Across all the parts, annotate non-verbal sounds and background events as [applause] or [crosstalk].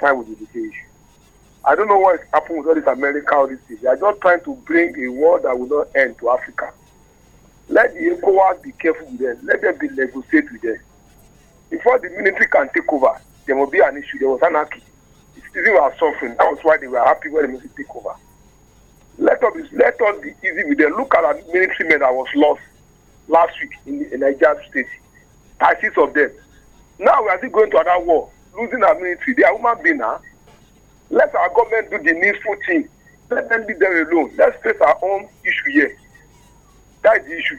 with the I don't know what happened with all this America, all this They are just trying to bring a war that will not end to Africa. Let the ECOWAS be careful with them. Let them be negotiate with them. Before the military can take over, there will be an issue. There was anarchy. The citizens were suffering. That was why they were happy when the military took over. Let us, be, let us be easy with them. Look at the military man that was lost last week in, the Niger State. Thousands of them. Now we are still going to another war losing our military. They are human beings now. Let our government do the needful thing. Let them be there alone. Let's face our own issue here. That's the issue.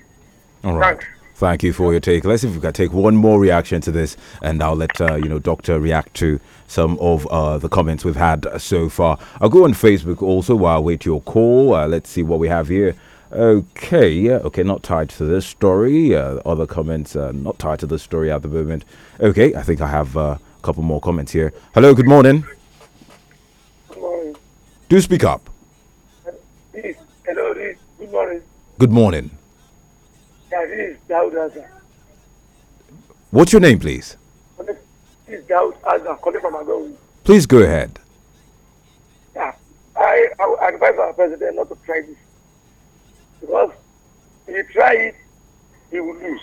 All right. Thanks. Thank you for your take. Let's see if we can take one more reaction to this, and I'll let uh, you know Doctor react to some of uh, the comments we've had so far. I'll go on Facebook also while I wait your call. Uh, let's see what we have here. Okay, okay, not tied to this story. Uh, other comments not tied to this story at the moment. Okay, I think I have uh, couple more comments here. Hello, good morning. Good morning. Do speak up. Please, hello, please. Good morning. Good morning. This is Daud Azar. What's your name, please? This is Daud Azar, calling from Agogo. Please go ahead. Yeah, I, I advise our president not to try this because if he tries, it, he will lose.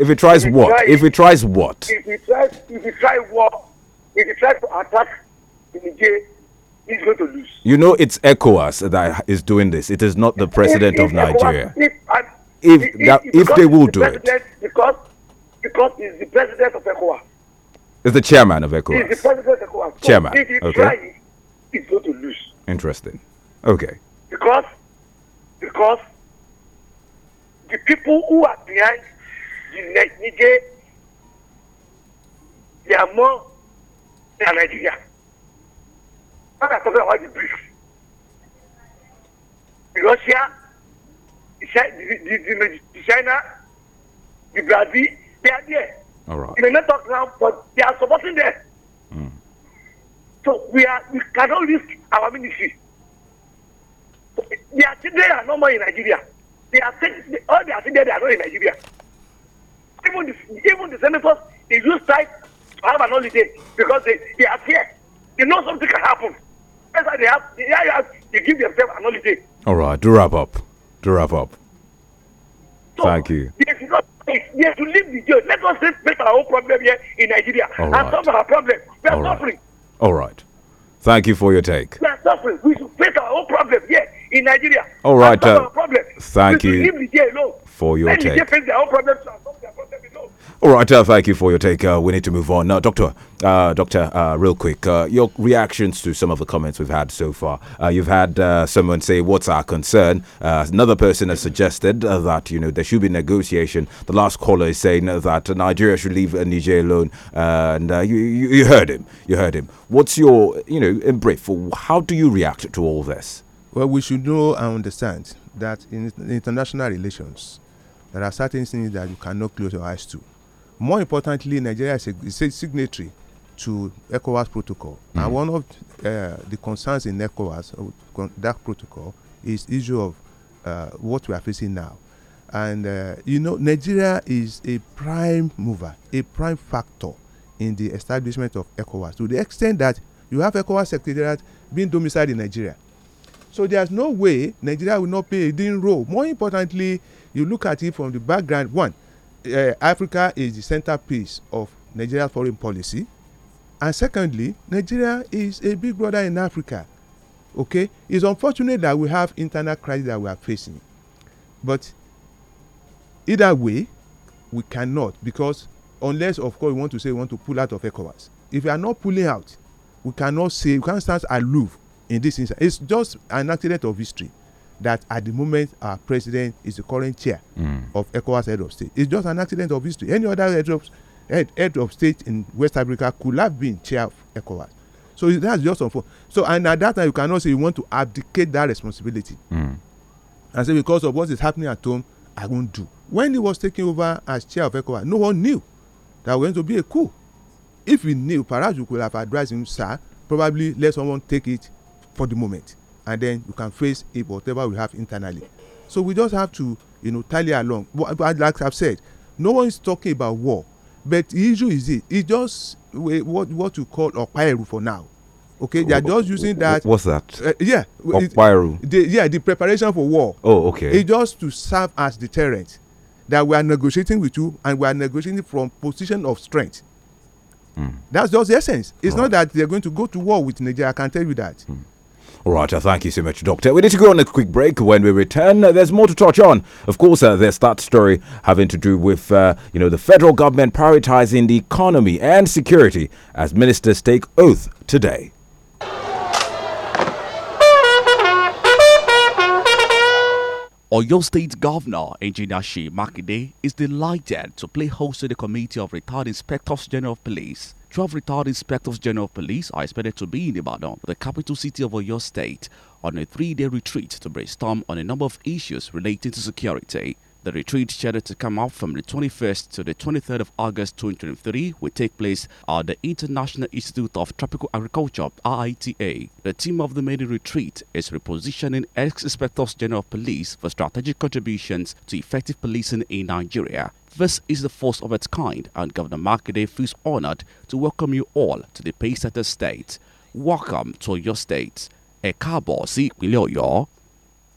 If he tries if what? Tries, if he tries what? If he tries, if he tries what? If he tries to attack Niger, he's going to lose. You know, it's ECOWAS that is doing this. It is not the president if, of Nigeria. if, if, if, that, if they will the do it. Because, because he's the president of ECOWAS. He's the chairman of ECOWAS. He's the president of ECOWAS. So chairman. If he okay. tries, he's going to lose. Interesting. Okay. Because, because the people who are behind Niger, they are more than Nigeria. What I'm talking about the brief. Russia, China, the Brazil, they are there. All right. They may not talk now, So we are we cannot risk our ministry. Their children are no more in Nigeria. They are all they are saying they are not in Nigeria. Even the, even the senators, they use time to have an holiday because they, they are They know something can happen. That's why they have, they, have, they give themselves an holiday. All right, do wrap up. Do wrap up. So Thank you. Yes, you not, to leave the jail. Let us face our own problem here in Nigeria All and solve our problem. We are All suffering. Right. All right. Thank you for your take. We are suffering. We should face our own problem here in Nigeria. All right. Uh, problem. Thank we you for your Let take. All right, uh, thank you for your take. Uh, we need to move on. Uh, doctor, doctor, uh, real quick, uh, your reactions to some of the comments we've had so far. Uh, you've had someone say, "What's our concern?" another person has suggested that you know there should be negotiation. The last caller is saying that Nigeria should leave Niger alone, and you, you heard him. You heard him. What's your you know in brief? How do you react to all this? Well, we should know and understand that in international relations, there are certain things that you cannot close your eyes to more importantly nigeria is a, is a signatory to ecowas protocol mm. and one of uh, the concerns in ecowas uh, that protocol is issue of uh, what we are facing now and uh, you know nigeria is a prime mover a prime factor in the establishment of ecowas to the extent that you have ecowas secretariat being domiciled in nigeria so there's no way nigeria will not play a leading role more importantly you look at it from the background one uh, Africa is the centerpiece of Nigeria's foreign policy. And secondly, Nigeria is a big brother in Africa. Okay, it's unfortunate that we have internal crisis that we are facing, but either way, we cannot because unless of course we want to say we want to pull out of ECOWAS. If we are not pulling out, we cannot say we can't stand aloof in this instance. It's just an accident of history that at the moment our president is the current chair mm. of ECOWAS head of state. It's just an accident of history. Any other head of, head, head of state in West Africa could have been chair of ECOWAS. So that's just unfortunate. So and at that time you cannot say you want to abdicate that responsibility. Mm. And say because of what is happening at home, I won't do. When he was taking over as chair of ECOWAS, no one knew that was going to be a coup. If he knew, perhaps you could have advised him, sir, probably let someone take it for the moment and then you can face it whatever we have internally so we just have to you know tally along but, but like i've said no one is talking about war but the issue is it It just what what you call ọ̀pá-ẹ̀rù for now okay they are just using that. what's that. Uh, yeah. ọ̀pá yeah the preparation for war. oh okay. It just to serve as deterrent that we are negotiating with you and we are negotiating from position of strength. Mm. that's just the essence. it's right. not that they are going to go to war with nigeria i can tell you that. Mm. All right, uh, thank you so much, Doctor. We need to go on a quick break. When we return, uh, there's more to touch on. Of course, uh, there's that story having to do with uh, you know the federal government prioritizing the economy and security as ministers take oath today. Oyo State Governor Engineer Makide, is delighted to play host to the Committee of Retired Inspectors General of Police Twelve retired inspectors general of police are expected to be in Ibadan, the capital city of Oyo State, on a three-day retreat to brainstorm on a number of issues relating to security. The retreat scheduled to come out from the 21st to the 23rd of August 2023 will take place at the International Institute of Tropical Agriculture (IITA). The theme of the major retreat is repositioning ex-inspectors general of police for strategic contributions to effective policing in Nigeria. This is the first of its kind, and Governor Makinde feels honored to welcome you all to the Paysetter State. Welcome to your state. Ẹ káàbọ̀ sí ìpínlẹ̀ Ọ̀yọ́.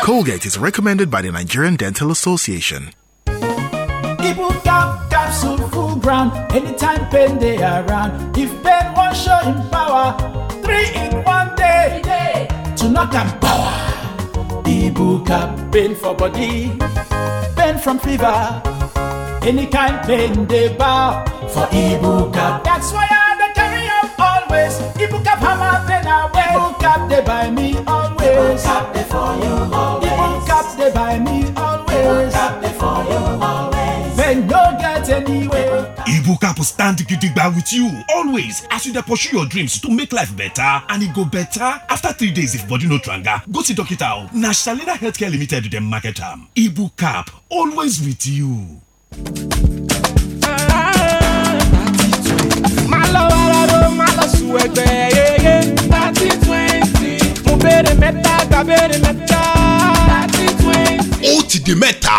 Colgate is recommended by the Nigerian Dental Association. Gap capsule full ground anytime around if show power three in one day to knock power. Ibu pain for body pain from fever any kind pain for Ibu That's why I carry always Ibu hammer pain away Ibu me always. always. Cap they for you always. Even cap they by me always. Cap they for you always. Men no get anywhere. Igbo cap stand gidigba with you always as you pursue your dreams to make life better and it e go better after three days if body no tranga go see doctor o na Shalina Healthcare Limited dem market am. Igbo cap always with you. Ah, ah, ah. Má lọ wàrà ló má lọ sùn ẹgbẹ́ abẹ́rẹ́ mẹ́ta gbàbẹ́rẹ́ mẹ́ta. ó ti di mẹ́ta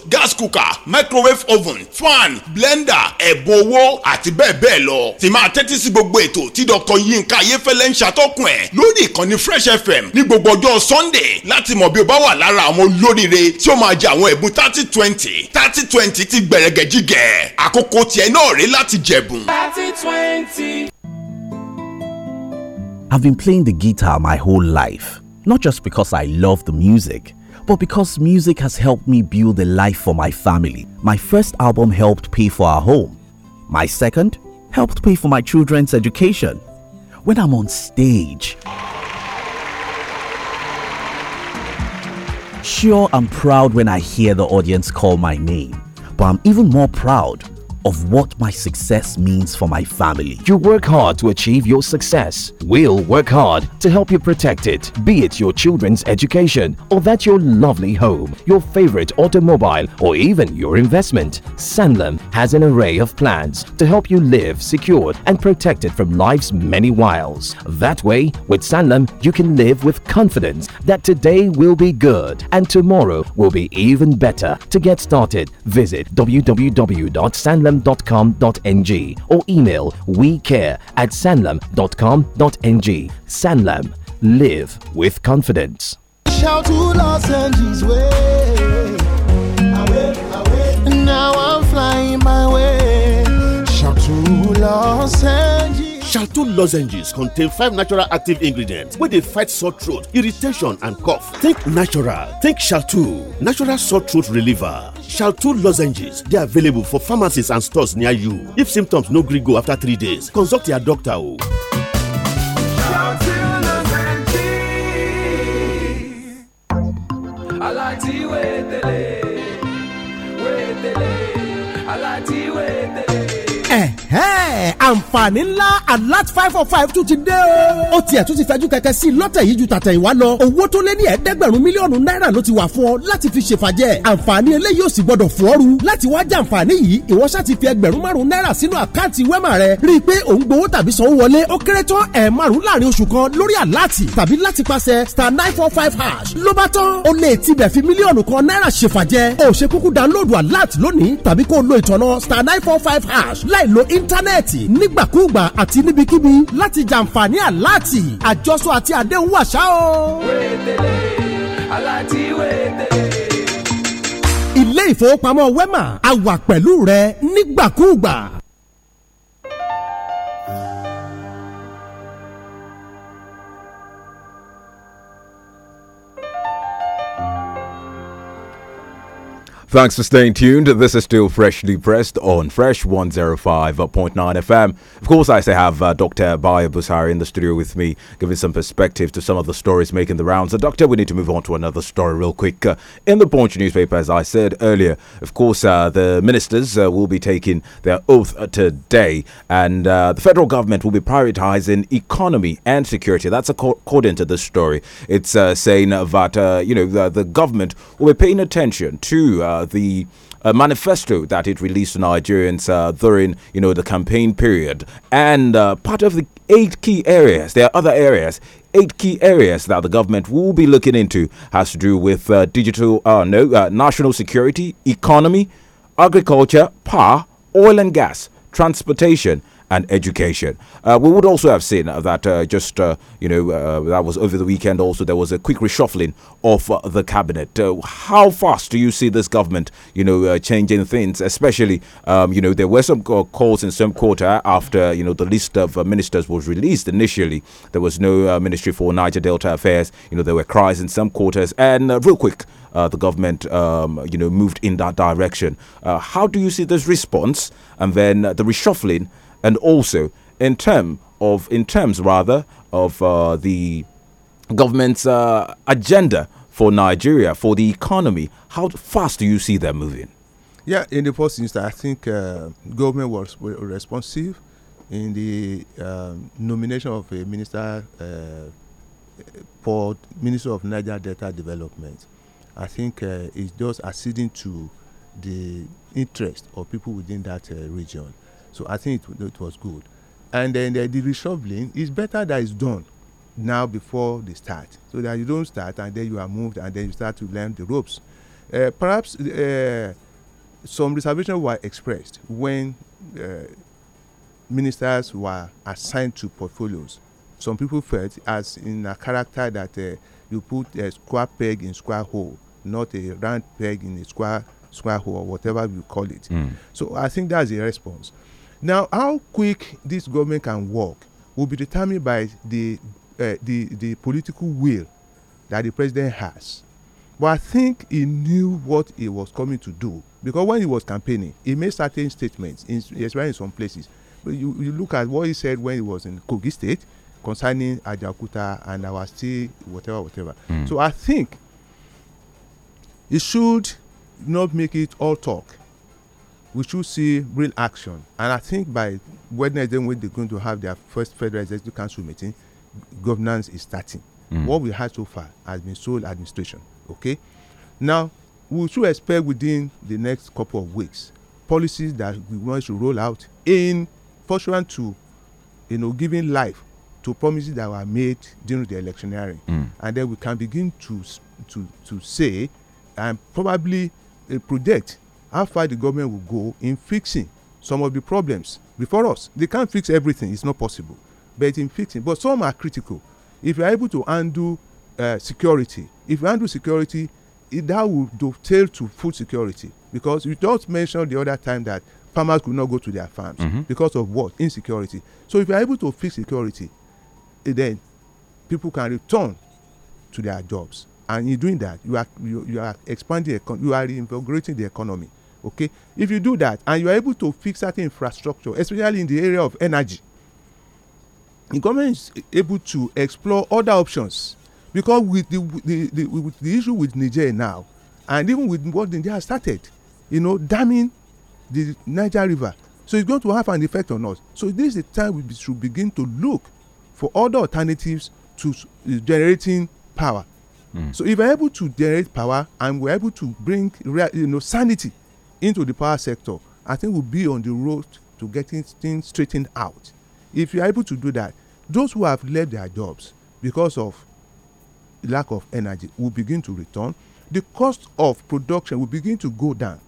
gas cooker microwave oven fan blender ẹ̀bùn owó àti bẹ́ẹ̀ bẹ́ẹ̀ lọ. tí máa tẹ́tí sí gbogbo ètò tí dr yinka ayéfẹ́lẹ́ ń ṣàtọ́kùn ẹ̀ lórí ìkànnì fresh fm ní gbogbo ọjọ́ sunday láti mọ̀ bí o bá wà lára àwọn olóríire tí ó máa jẹ àwọn ẹ̀bùn thirty twenty thirty twenty ti gbẹ̀rẹ̀gẹ̀ jígẹ̀ àkókò tiẹ̀ náà rí láti jẹ̀bùn. I've been playing the guitar my whole life, not just because I love the music but because music has helped me build a life for my family. My first album helped pay for our home. My second helped pay for my children's education. When I'm on stage, sure, I'm proud when I hear the audience call my name, but I'm even more proud of what my success means for my family. You work hard to achieve your success. We'll work hard to help you protect it, be it your children's education or that your lovely home, your favorite automobile, or even your investment. Sanlam has an array of plans to help you live secured and protected from life's many wiles. That way, with Sanlam, you can live with confidence that today will be good and tomorrow will be even better. To get started, visit www.sanlam.com sanlam.com.ng or email we care at sanlam.com.ng. Sanlam. Live with confidence. Shout to Los Angeles way. Away, away. Now I'm flying my way. Shout to Los Angeles. Shalto lozenges contain five natural active ingredients wey dey fight sore throat, irritation and cough. Think natural, think Shalto, natural sore throat reliever. Shalto lozenges dey available for pharmacies and stores near you. If symptoms no gree go after three days, consult your doctor o. aláti wé bẹ̀rẹ̀ àǹfààní ńlá alert five four five tún ti dé o. ó tiẹ̀ tún ti fẹ́jú kẹ̀kẹ́ sí lọ́tẹ̀ yìí ju tàtẹ̀ ìwá lọ. owó tó lé ní ẹ̀ẹ́dẹ́gbẹ̀rún mílíọ̀nù náírà ló ti wà fún ọ láti fi ṣèfàjẹ́. àǹfààní eléyìí ò sì gbọdọ̀ fún ọ́rù. láti wá jẹ àǹfààní yìí ìwọ ṣáà ti fi ẹgbẹ̀rún márùn náírà sínú àkáǹtì wẹ́mà rẹ. rí i pé ò ń gbowó tàbí sanwó wọlé ó kéré tán ẹ̀ márùn láàrin oṣù kan lórí àláàtì tàbí láti pàṣẹ star nine four five hash ló bá tán. o lè tibẹ̀ fi mílíọ̀nù kan náírà ṣèfàjẹ́. o ṣe kúkú dáńlóòdù àláàtì lónìí tàbí kó o lo ìtọ̀nà star nine four five hash láì lo íńtánẹ́ẹ̀tì aláàtì nígbàkúùgbà àti níbikíbi láti jàǹfààní aláàtì àjọsọ àti àdéhùn àṣà o. wéètèlè aláàtì ilé ìfowópamọ́ wema a wà pẹ̀lú rẹ nígbàkúùgbà Thanks for staying tuned. This is still freshly pressed on Fresh 105.9 FM. Of course, I say have uh, Dr. Bayo Busari in the studio with me, giving some perspective to some of the stories making the rounds. So, Doctor, we need to move on to another story real quick. Uh, in the Punch newspaper, as I said earlier, of course, uh, the ministers uh, will be taking their oath today, and uh, the federal government will be prioritizing economy and security. That's according to this story. It's uh, saying that, you know, the, the, government will be paying attention to uh, the uh, manifesto that it released to Nigerians uh, during you know the campaign period, and part of the eight key areas. There are other areas eight key areas that the government will be looking into has to do with uh, digital, uh, no, uh, national security, economy, agriculture, power, oil and gas, transportation, and education. Uh, we would also have seen that uh, just, uh, you know, uh, that was over the weekend also, there was a quick reshuffling of uh, the cabinet. Uh, how fast do you see this government, you know, changing things, especially, um, you know, there were some calls in some quarter after, you know, the list of ministers was released initially. There was no ministry for Niger Delta affairs. You know, there were cries in some quarters. And real quick, uh, the government, um, you know, moved in that direction. Uh, how do you see this response and then uh, the reshuffling and also in term of in terms rather of uh, the government's uh, agenda for Nigeria for the economy. How fast do you see them moving? Yeah, in the first instance, I think uh, government was responsive in the um, nomination of a minister uh, for Minister of Niger Delta Development. I think uh, it's just acceding to the interest of people within that uh, region. So I think it, it was good. And then the, the reshuffling is better that it's done now before they start, so that you don't start and then you are moved and then you start to learn the ropes. Uh, perhaps uh, some reservations were expressed when uh, ministers were assigned to portfolios. Some people felt, as in a character, that uh, you put a square peg in square hole, not a round peg in a square square hole, or whatever you call it. Mm. So I think that's a response. Now, how quick this government can work will be determined by the, uh, the, the political will that the president has. But I think he knew what he was coming to do because when he was campaigning, he made certain statements, in, especially in some places. But you, you look at what he said when he was in Kogi State concerning Ajakuta and our state, whatever, whatever. Mm. So I think he should not make it all talk we should see real action. And I think by Wednesday, when they're going to have their first Federal Executive Council meeting, governance is starting. Mm. What we had so far has been sole administration. Okay, now we should expect within the next couple of weeks policies that we want to roll out in first pursuant to you know giving life to promises that were made during the electioneering mm. and then we can begin to to to say and probably uh, predict how far the government will go in fixing some of the problems before us they can't fix everything it's not possible but in fixing but some are critical if you are able to undo uh, security if you undo security it, that will dovetail to food security because you just mentioned the other time that farmers could not go to their farms mm -hmm. because of what insecurity so if you are able to fix security eh, then people can return to their jobs and in doing that you are you, you are expanding you are reinvigorating the economy okay if you do that and you are able to fix that infrastructure especially in the area of energy the government is able to explore other options because with the, the, the, with the issue with niger now and even with what niger has started you know damming the niger river so it's going to have an effect on us so this is the time we should begin to look for other alternatives to uh, generating power mm. so if we're able to generate power and we're able to bring you know sanity into the power sector, I think we'll be on the road to getting things straightened out. If you are able to do that, those who have left their jobs because of lack of energy will begin to return. The cost of production will begin to go down.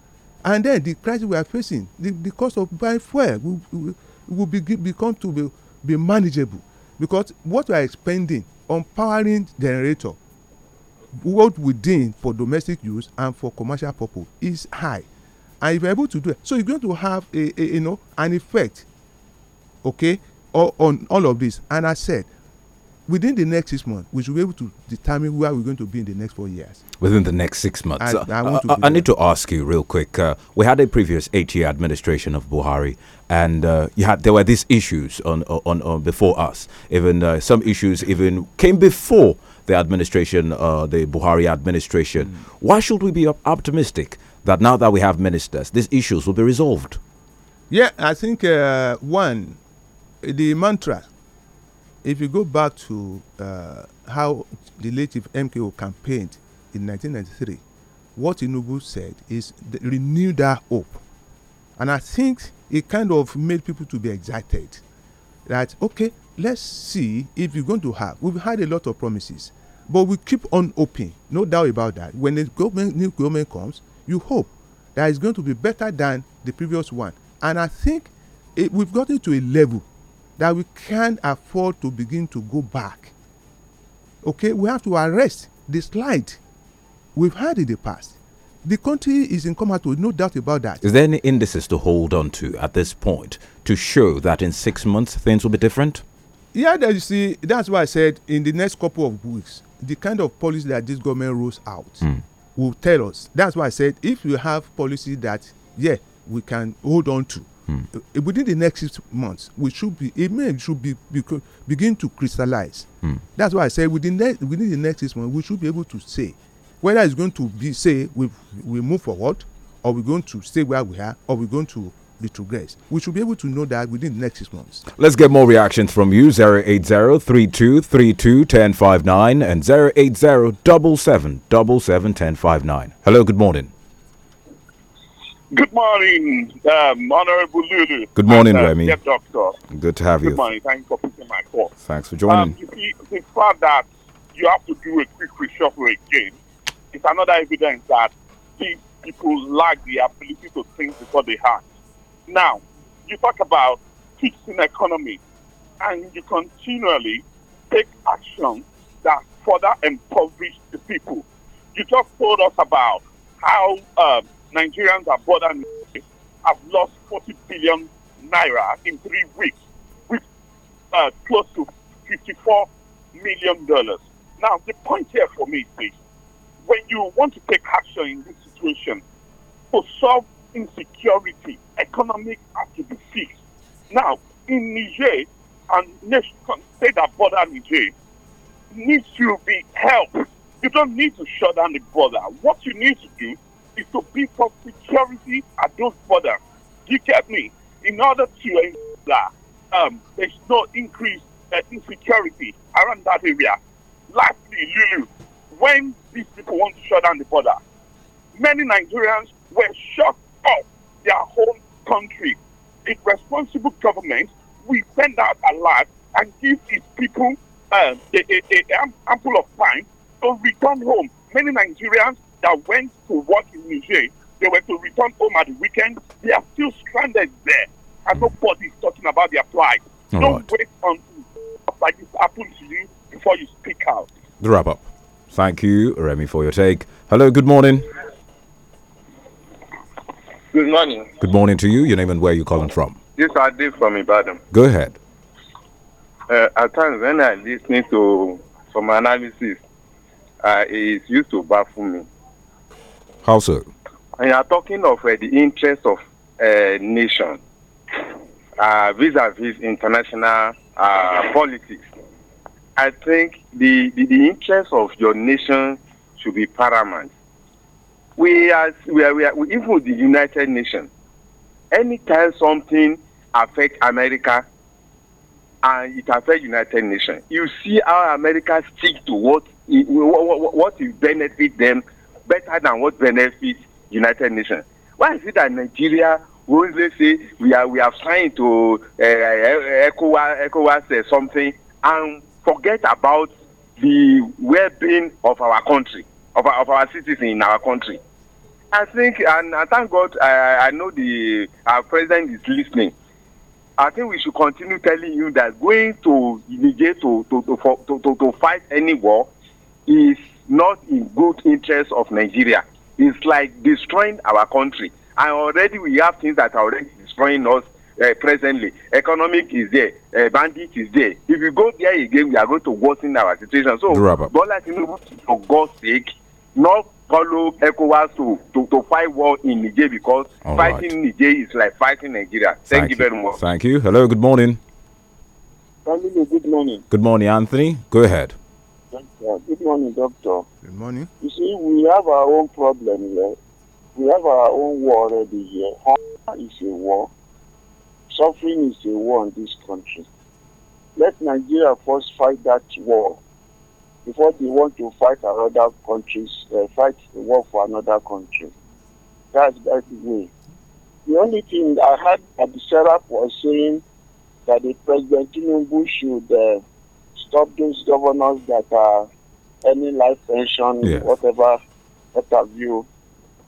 And then the crisis we are facing, the, the cost of buying fuel will, will, will begin, become to be, be manageable. Because what we are spending on powering generator both within for domestic use and for commercial purpose is high and if you're able to do it so you're going to have a, a you know an effect okay on all of this and i said within the next six months we should be able to determine where we're going to be in the next four years within the next six months i, uh, I, uh, I, I need to ask you real quick uh, we had a previous eight-year administration of buhari and uh, you had there were these issues on on, on before us even uh, some issues even came before the administration uh, the buhari administration mm. why should we be optimistic that now that we have ministers, these issues will be resolved? Yeah, I think uh, one, the mantra, if you go back to uh, how the late MKO campaigned in 1993, what Inubu said is renew that hope. And I think it kind of made people to be excited that, okay, let's see if we're going to have. We've had a lot of promises, but we keep on hoping, no doubt about that. When the government, new government comes, you hope that it's going to be better than the previous one. And I think it, we've gotten to a level that we can't afford to begin to go back. Okay, we have to arrest the slide we've had in the past. The country is in comatose, no doubt about that. Is there any indices to hold on to at this point to show that in six months things will be different? Yeah, that you see, that's why I said in the next couple of weeks, the kind of policy that this government rolls out. Mm will tell us. That's why I said if we have policy that, yeah, we can hold on to, mm. within the next six months, we should be, it may should be, begin to crystallize. Mm. That's why I said within, the, within the next six months, we should be able to say whether it's going to be, say, we, we move forward, or we're going to stay where we are, or we're going to little grace. We should be able to know that within the next six months. Let's get more reactions from you 080-3232-1059 and 080-777-1059. Hello, good morning. Good morning, um, Honorable Lulu. Good morning, and, uh, Remy. Yeah, doctor. Good to have good you. Good morning. Thanks for picking my call. Thanks for joining. Um, you see, the fact that you have to do a quick reshuffle again is another evidence that people lack the ability to think before they act. Now, you talk about fixing economy, and you continually take action that further impoverish the people. You just told us about how um, Nigerians are bothered have lost 40 billion naira in three weeks, with uh, close to 54 million dollars. Now, the point here for me is when you want to take action in this situation to solve insecurity economic has to be fixed. Now, in Niger and next country that border Niger needs to be helped. You don't need to shut down the border. What you need to do is to beef up security at those borders. You get me? In order to ensure that um, there's no increase uh, insecurity around that area. Lastly, Lulu, when these people want to shut down the border, many Nigerians were shut off their home country. A responsible government will send out a lot and give its people um, a, a, a ample of time to return home. Many Nigerians that went to work in Niger, they were to return home at the weekend. They are still stranded there, and nobody is talking about their plight. Don't right. wait until like this happens to you before you speak out. The wrap up. Thank you, Remy, for your take. Hello, good morning. Good morning. Good morning to you. Your name and where you calling from? Yes, I did from Ibadan. Go ahead. Uh, at times when I listen to some analysis, uh, it used to baffle me. How so? And you are talking of uh, the interest of a uh, nation uh, vis-à-vis international uh, politics. I think the, the, the interest of your nation should be paramount we are, we are, we are even the United Nations, anytime something affect America and it affect United Nations, you see how America stick to what what, what will benefit them better than what benefits United Nations. Why is it that Nigeria will only say we are we are trying to echo ECOWAS, ECOWAS uh, something and forget about the well-being of our country? of our, of our citizens in our country. I think, and, I thank God, I, I know the our president is listening. I think we should continue telling you that going to Niger to to to, to, to, to fight any war is not in good interest of Nigeria. It's like destroying our country, and already we have things that are already destroying us uh, presently. Economic is there, uh, bandit is there. If we go there again, we are going to worsen our situation. So, Bola for God's sake, not follow ECOWAS to, to, to fight war in Niger because All fighting right. Niger is like fighting Nigeria. Thank, Thank you very much. Thank you. Hello, good morning. good morning. Good morning, Anthony. Go ahead. Good morning, Doctor. Good morning. You see, we have our own problem here. We have our own war already here. Hunger is a war. Suffering is a war in this country. Let Nigeria first fight that war before they want to fight another countries, uh, fight war for another country. That's that's the way. The only thing I had at the setup was saying that the President Tinubu should uh, stop those governors that are any life pension, yeah. whatever, what have you.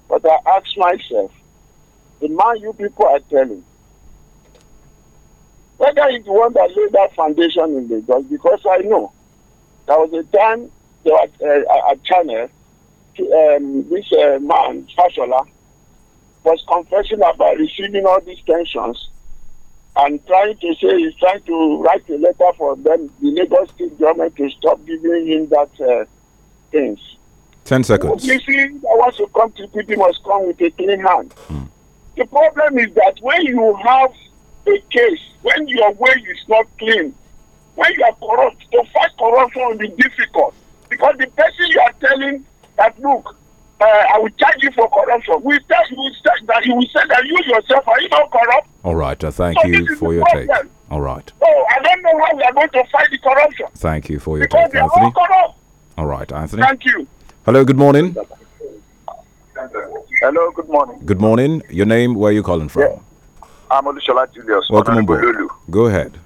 But I ask myself, the man you people are telling, whether it's the one that laid that foundation in dust, because I know there was a time there was uh, a, channel, to, um, this uh, man, Fashola, was confessing about receiving all these pensions and trying to say he's trying to write a letter for them, the Lagos state government, to stop giving him that uh, things. Ten seconds. You see, that wants to come to people must come with a clean hand. Mm. The problem is that when you have a case, when your way is not clean, when you are corrupt to fight corruption will be difficult because the person you are telling that look uh, i will charge you for corruption will tell you will that you will say that you yourself are you not corrupt. all right uh, thank so you for your problem. take. all right. so i don't know how we are going to fight the corruption. thank you for your because take anthony. All, all right anthony. thank you. hello good morning. hello good morning. good morning your name where are you calling from. Yeah. I'm Olushola Julius. Welcome on Go ahead.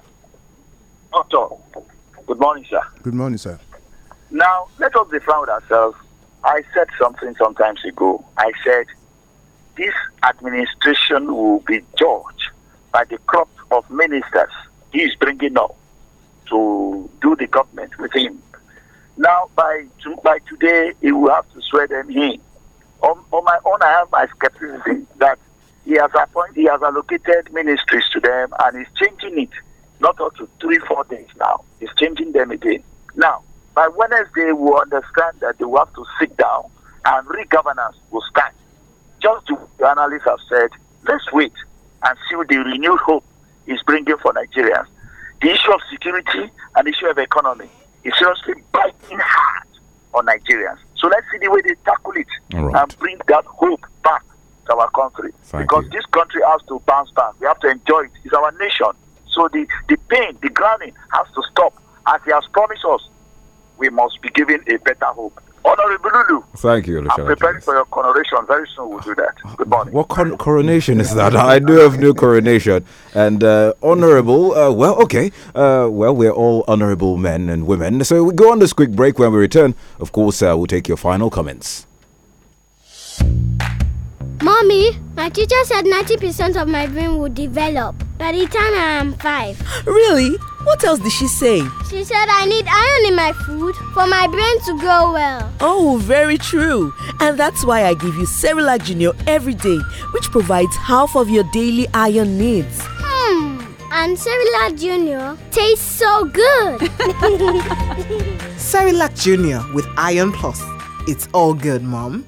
Doctor, good morning, sir. Good morning, sir. Now, let us be proud ourselves. I said something some time ago. I said, this administration will be judged by the crop of ministers he is bringing up to do the government with him. Now, by, to, by today, he will have to swear them in. On, on my own, I have my skepticism that he has appointed, he has allocated ministries to them and is changing it not up to three, four days now. He's changing them again. Now, by Wednesday, we'll understand that they will have to sit down and re-governance will start. Just to the analysts have said, let's wait and see what the renewed hope is bringing for Nigerians. The issue of security and the issue of economy is seriously biting hard on Nigerians. So let's see the way they tackle it right. and bring that hope back to our country. Thank because you. this country has to bounce back. We have to enjoy it. It's our nation. So the, the pain, the grinding has to stop. As he has promised us, we must be given a better hope. Honorable Lulu. Thank you, Luciana. I'm preparing for your coronation. Very soon we'll do that. Good morning. What coronation is that? [laughs] I do have new coronation. And uh, honorable, uh, well, okay. Uh, well, we're all honorable men and women. So we go on this quick break. When we return, of course, uh, we'll take your final comments. Mommy, my teacher said 90% of my brain will develop by the time I am five. Really? What else did she say? She said I need iron in my food for my brain to grow well. Oh, very true. And that's why I give you Cerelac Junior every day, which provides half of your daily iron needs. Hmm. And Cerelac Junior tastes so good. [laughs] Cerelac Junior with Iron Plus. It's all good, Mom.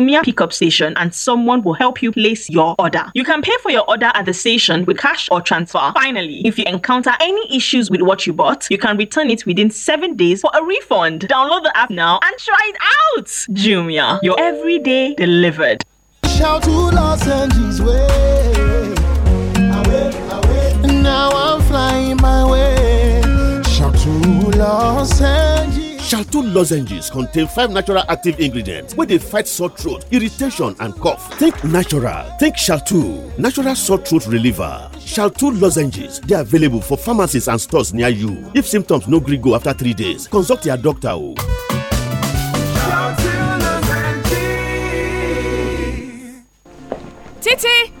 Jumia pickup station and someone will help you place your order. You can pay for your order at the station with cash or transfer. Finally, if you encounter any issues with what you bought, you can return it within 7 days for a refund. Download the app now and try it out. Jumia, your everyday delivered. Shout to Los Angeles way. Now I'm flying my way. Shout to Los Angeles. shalto lozenges contain five natural active ingredients where they fight sore throat irritation and cough think natural think shalto natural sore throat reliever shalto lozenges They are available for pharmacies and stores near you if symptoms no gree go after three days consult your doctor oh. o. títí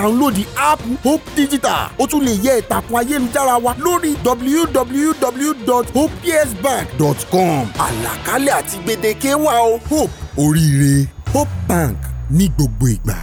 dàńlódì app hope digital O tún lè yẹ ìtàkùn ayélujára wa lórí www.hopepsbank.com àlàkalẹ̀ àti gbèdéke wa o hope oríire hope bank ní gbogbo ìgbà.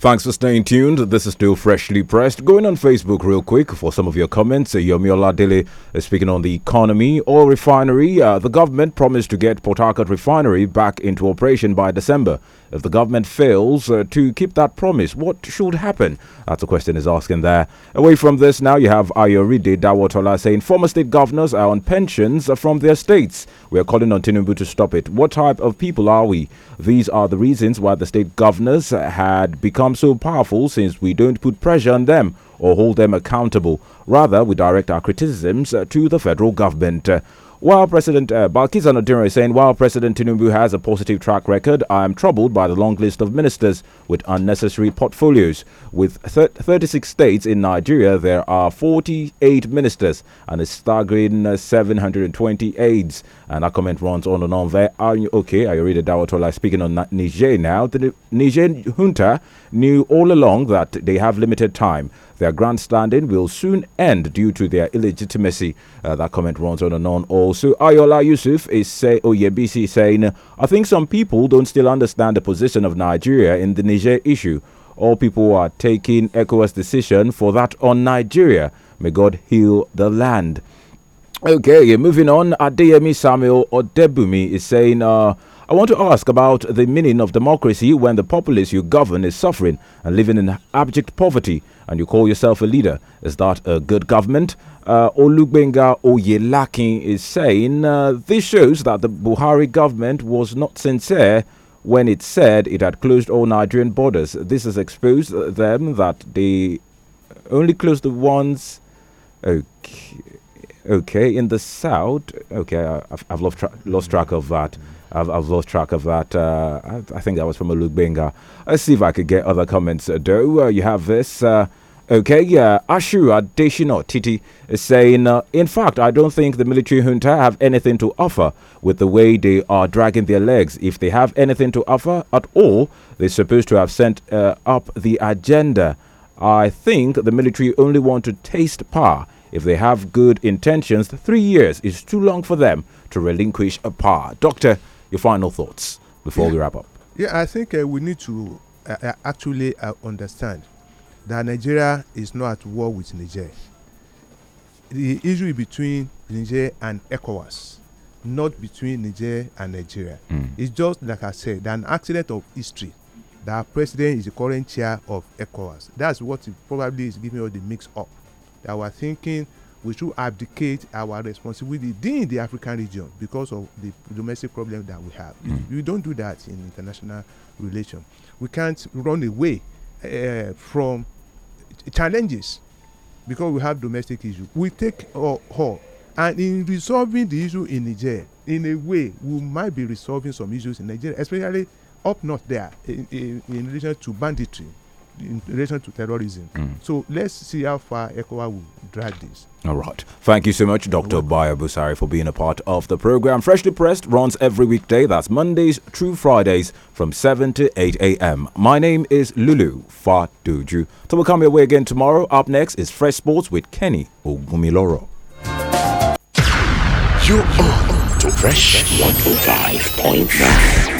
Thanks for staying tuned. This is still freshly pressed. Going on Facebook real quick for some of your comments. Yomiola Dele is speaking on the economy. Oil refinery. Uh, the government promised to get Port Harcourt refinery back into operation by December. If the government fails uh, to keep that promise, what should happen? That's the question is asking there. Away from this, now you have Ayoride Dawotola saying former state governors are on pensions from their states. We are calling on Tinubu to stop it. What type of people are we? These are the reasons why the state governors had become so powerful since we don't put pressure on them or hold them accountable. Rather, we direct our criticisms to the federal government. While President uh, Balkis is saying, while President Tinubu has a positive track record, I am troubled by the long list of ministers with unnecessary portfolios. With 36 states in Nigeria, there are 48 ministers and a staggering uh, 720 aides. And our comment runs on and on there. Are you okay? Are you reading Dawatola speaking on Niger now? The Niger junta knew all along that they have limited time. Their grandstanding will soon end due to their illegitimacy. Uh, that comment runs on and on. Also, Ayola Yusuf is say Oyebisi saying, I think some people don't still understand the position of Nigeria in the Niger issue. All people are taking ECOWAS decision for that on Nigeria. May God heal the land. Okay, moving on. Adeyemi Samuel Odebumi is saying, uh, I want to ask about the meaning of democracy when the populace you govern is suffering and living in abject poverty and you call yourself a leader. Is that a good government? Uh, Olugbenga Oyelakin is saying uh, this shows that the Buhari government was not sincere when it said it had closed all Nigerian borders. This has exposed them that they only closed the ones. Okay, okay, in the south. Okay, I've, I've lost, tra lost track of that. I've, I've, lost track of that. Uh, I, I, think that was from Olubenga. Let's see if I could get other comments. Uh, do uh, you have this? Uh, Okay, yeah, Ashu Adeshino Titi is saying, uh, in fact, I don't think the military junta have anything to offer with the way they are dragging their legs. If they have anything to offer at all, they're supposed to have sent uh, up the agenda. I think the military only want to taste power. If they have good intentions, three years is too long for them to relinquish a power. Doctor, your final thoughts before yeah. we wrap up. Yeah, I think uh, we need to uh, uh, actually uh, understand that Nigeria is not at war with Niger. The issue between Niger and ECOWAS, not between Niger and Nigeria. Mm. It's just like I said, an accident of history. That president is the current chair of ECOWAS. That's what probably is giving us the mix up. That we're thinking we should abdicate our responsibility in the African region because of the domestic problem that we have. Mm. We don't do that in international relation. We can't run away uh, from challenges because we have domestic issues. We take her, and in resolving the issue in Niger, in a way, we might be resolving some issues in Nigeria, especially up north there in, in, in relation to banditry. in relation to terrorism. Mm. So let's see how far ECOWA will drag this. All right. Thank you so much, Dr. Bayo Busari, for being a part of the program. Freshly Pressed runs every weekday. That's Mondays through Fridays from 7 to 8 a.m. My name is Lulu Fatuju. So we'll come your way again tomorrow. Up next is Fresh Sports with Kenny Ogumiloro. You're on to Fresh 105.9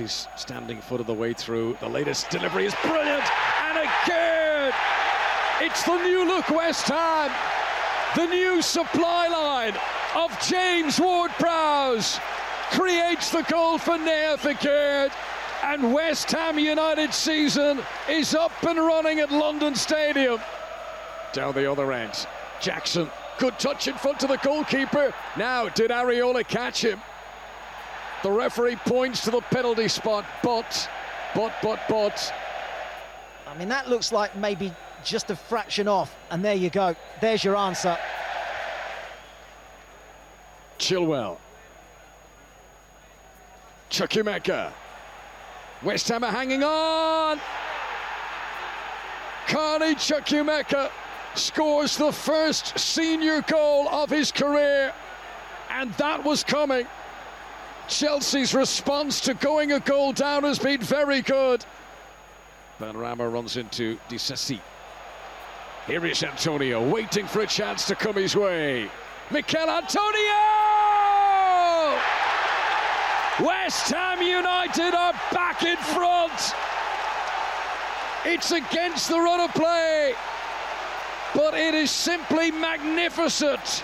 He's standing foot of the way through. The latest delivery is brilliant. And again, it's the new look West Ham. The new supply line of James Ward Prowse creates the goal for Nair Fakir. And West Ham United season is up and running at London Stadium. Down the other end, Jackson. Good touch in front of the goalkeeper. Now, did Ariola catch him? The referee points to the penalty spot, but, but, but, but. I mean, that looks like maybe just a fraction off, and there you go. There's your answer. Chilwell. Chukwemeka. West Ham are hanging on. Carney Chukwemeka scores the first senior goal of his career, and that was coming. Chelsea's response to going a goal down has been very good. Vanrama runs into Di Sassi. Here is Antonio, waiting for a chance to come his way. Mikel Antonio! West Ham United are back in front. It's against the run of play, but it is simply magnificent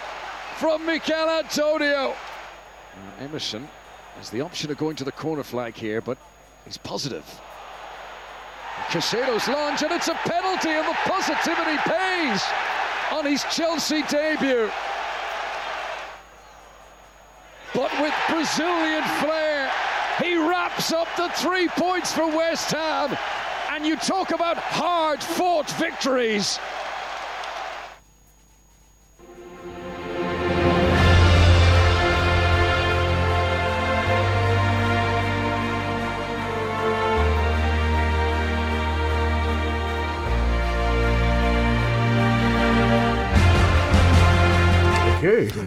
from Mikel Antonio. Uh, Emerson there's the option of going to the corner flag here, but he's positive. Casado's launch, and it's a penalty, and the positivity pays on his Chelsea debut. But with Brazilian flair, he wraps up the three points for West Ham. And you talk about hard fought victories.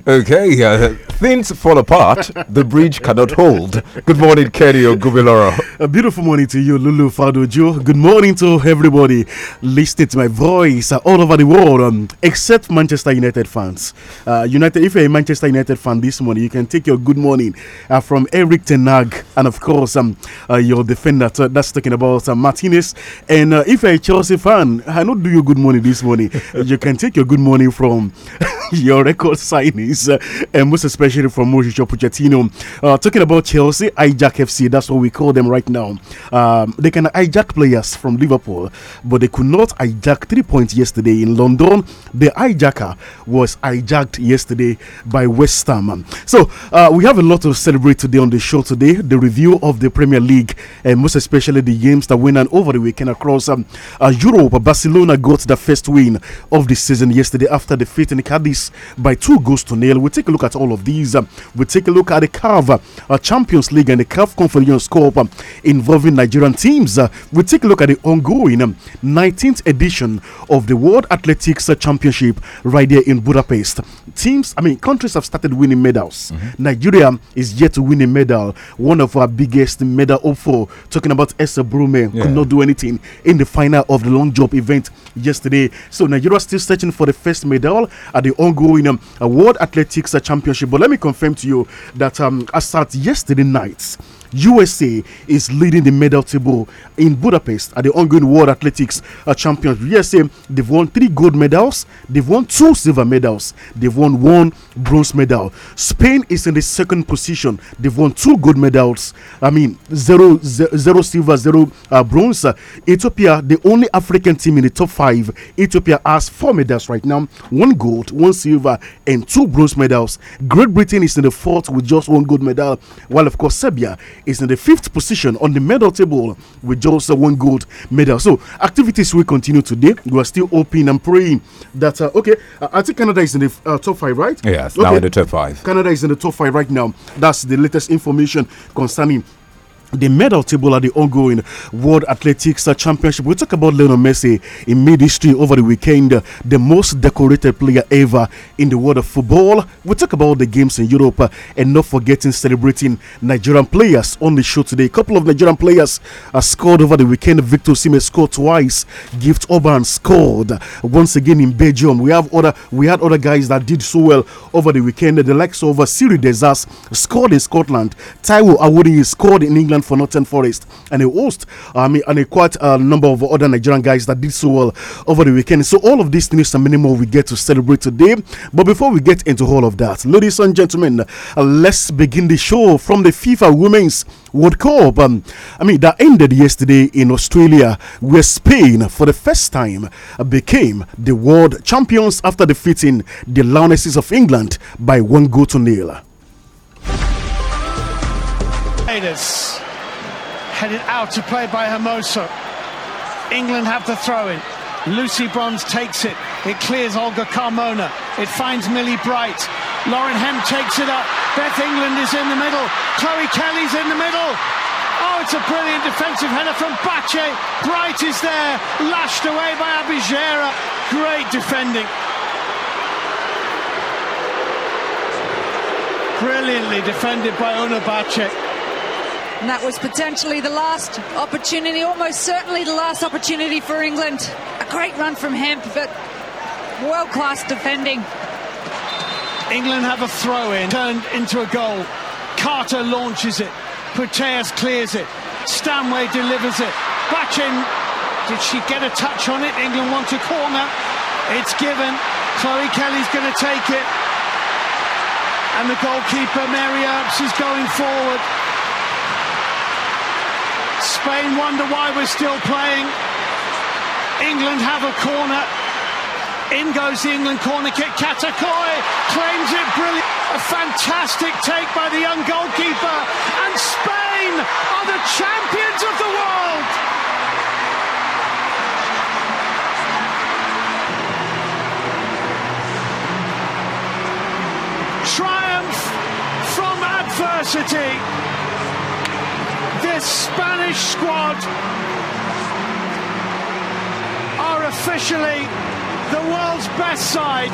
Okay, yeah, things fall apart, the bridge cannot hold. Good morning, Kenny Ogubiloro. A beautiful morning to you, Lulu Fadojo. Good morning to everybody listening to my voice all over the world, um, except Manchester United fans. Uh, United, if you're a Manchester United fan this morning, you can take your good morning uh, from Eric Tenag and, of course, um, uh, your defender. that's talking about uh, Martinez. And uh, if you're a Chelsea fan, I not do you good morning this morning. [laughs] you can take your good morning from [laughs] your record signings, and most especially especially from Mauricio Pochettino. Uh, talking about Chelsea, hijack FC, that's what we call them right now. Um, they can hijack players from Liverpool, but they could not hijack three points yesterday in London. The hijacker was hijacked yesterday by West Ham. So uh, we have a lot to celebrate today on the show today. The review of the Premier League, and most especially the games that went on over the weekend across um, uh, Europe. Barcelona got the first win of the season yesterday after defeating Cadiz by two goals to nil. We'll take a look at all of these is. we take a look at the CAF uh, Champions League and the CAF Conference Cup involving Nigerian teams. Uh, we take a look at the ongoing 19th um, edition of the World Athletics Championship right there in Budapest. Teams, I mean, countries have started winning medals. Mm -hmm. Nigeria is yet to win a medal. One of our biggest medal hopeful, talking about Esa Brume, yeah. could not do anything in the final of the long jump event yesterday. So Nigeria still searching for the first medal at the ongoing um, World Athletics Championship. But let let me confirm to you that um, as at yesterday night, USA is leading the medal table in Budapest at the ongoing World Athletics uh, Champions. USA, they've won three gold medals, they've won two silver medals, they've won one bronze medal. Spain is in the second position, they've won two gold medals, I mean, zero zero silver, zero uh, bronze. Ethiopia, the only African team in the top five, Ethiopia has four medals right now one gold, one silver, and two bronze medals. Great Britain is in the fourth with just one gold medal, while, of course, Serbia is in the fifth position on the medal table with just one gold medal. So activities will continue today. We are still hoping and praying that uh, okay. Uh, I think Canada is in the uh, top five, right? Yes, okay. now in the top five. Canada is in the top five right now. That's the latest information concerning the medal table at the ongoing World Athletics Championship. we talk about Lionel Messi in mid history over the weekend, the most decorated player ever in the world of football. we talk about the games in Europe and not forgetting celebrating Nigerian players on the show today. A couple of Nigerian players scored over the weekend. Victor Sime scored twice, Gift Oban scored once again in Belgium. We have other we had other guys that did so well over the weekend. The likes of uh, Siri Desas scored in Scotland, Taiwo Awodini scored in England. Nigerian for Northern Forest and a host, um, and a quite a uh, number of other Nigerian guys that did so well over the weekend. So, all of these news and many more we get to celebrate today. But before we get into all of that, ladies and gentlemen, uh, let's begin the show from the FIFA Women's World Cup. Um, I mean, that ended yesterday in Australia, where Spain, for the first time, uh, became the world champions after defeating the Lionesses of England by one goal to nil headed out to play by Hermoso. England have the throw in. Lucy Bronze takes it. It clears Olga Carmona. It finds Millie Bright. Lauren Hemp takes it up. Beth England is in the middle. Chloe Kelly's in the middle. Oh, it's a brilliant defensive header from Bache. Bright is there, lashed away by Abigera. Great defending. Brilliantly defended by Una Bache. And that was potentially the last opportunity, almost certainly the last opportunity for England. A great run from Hemp, but world class defending. England have a throw in, turned into a goal. Carter launches it. Proteus clears it. Stanway delivers it. Batchin, did she get a touch on it? England want a corner. It's given. Chloe Kelly's going to take it. And the goalkeeper, Mary Earps, is going forward. Spain wonder why we're still playing. England have a corner. In goes the England corner kick. Katakoi claims it brilliant. A fantastic take by the young goalkeeper. And Spain are the champions of the world. Triumph from adversity. This Spanish squad are officially the world's best side,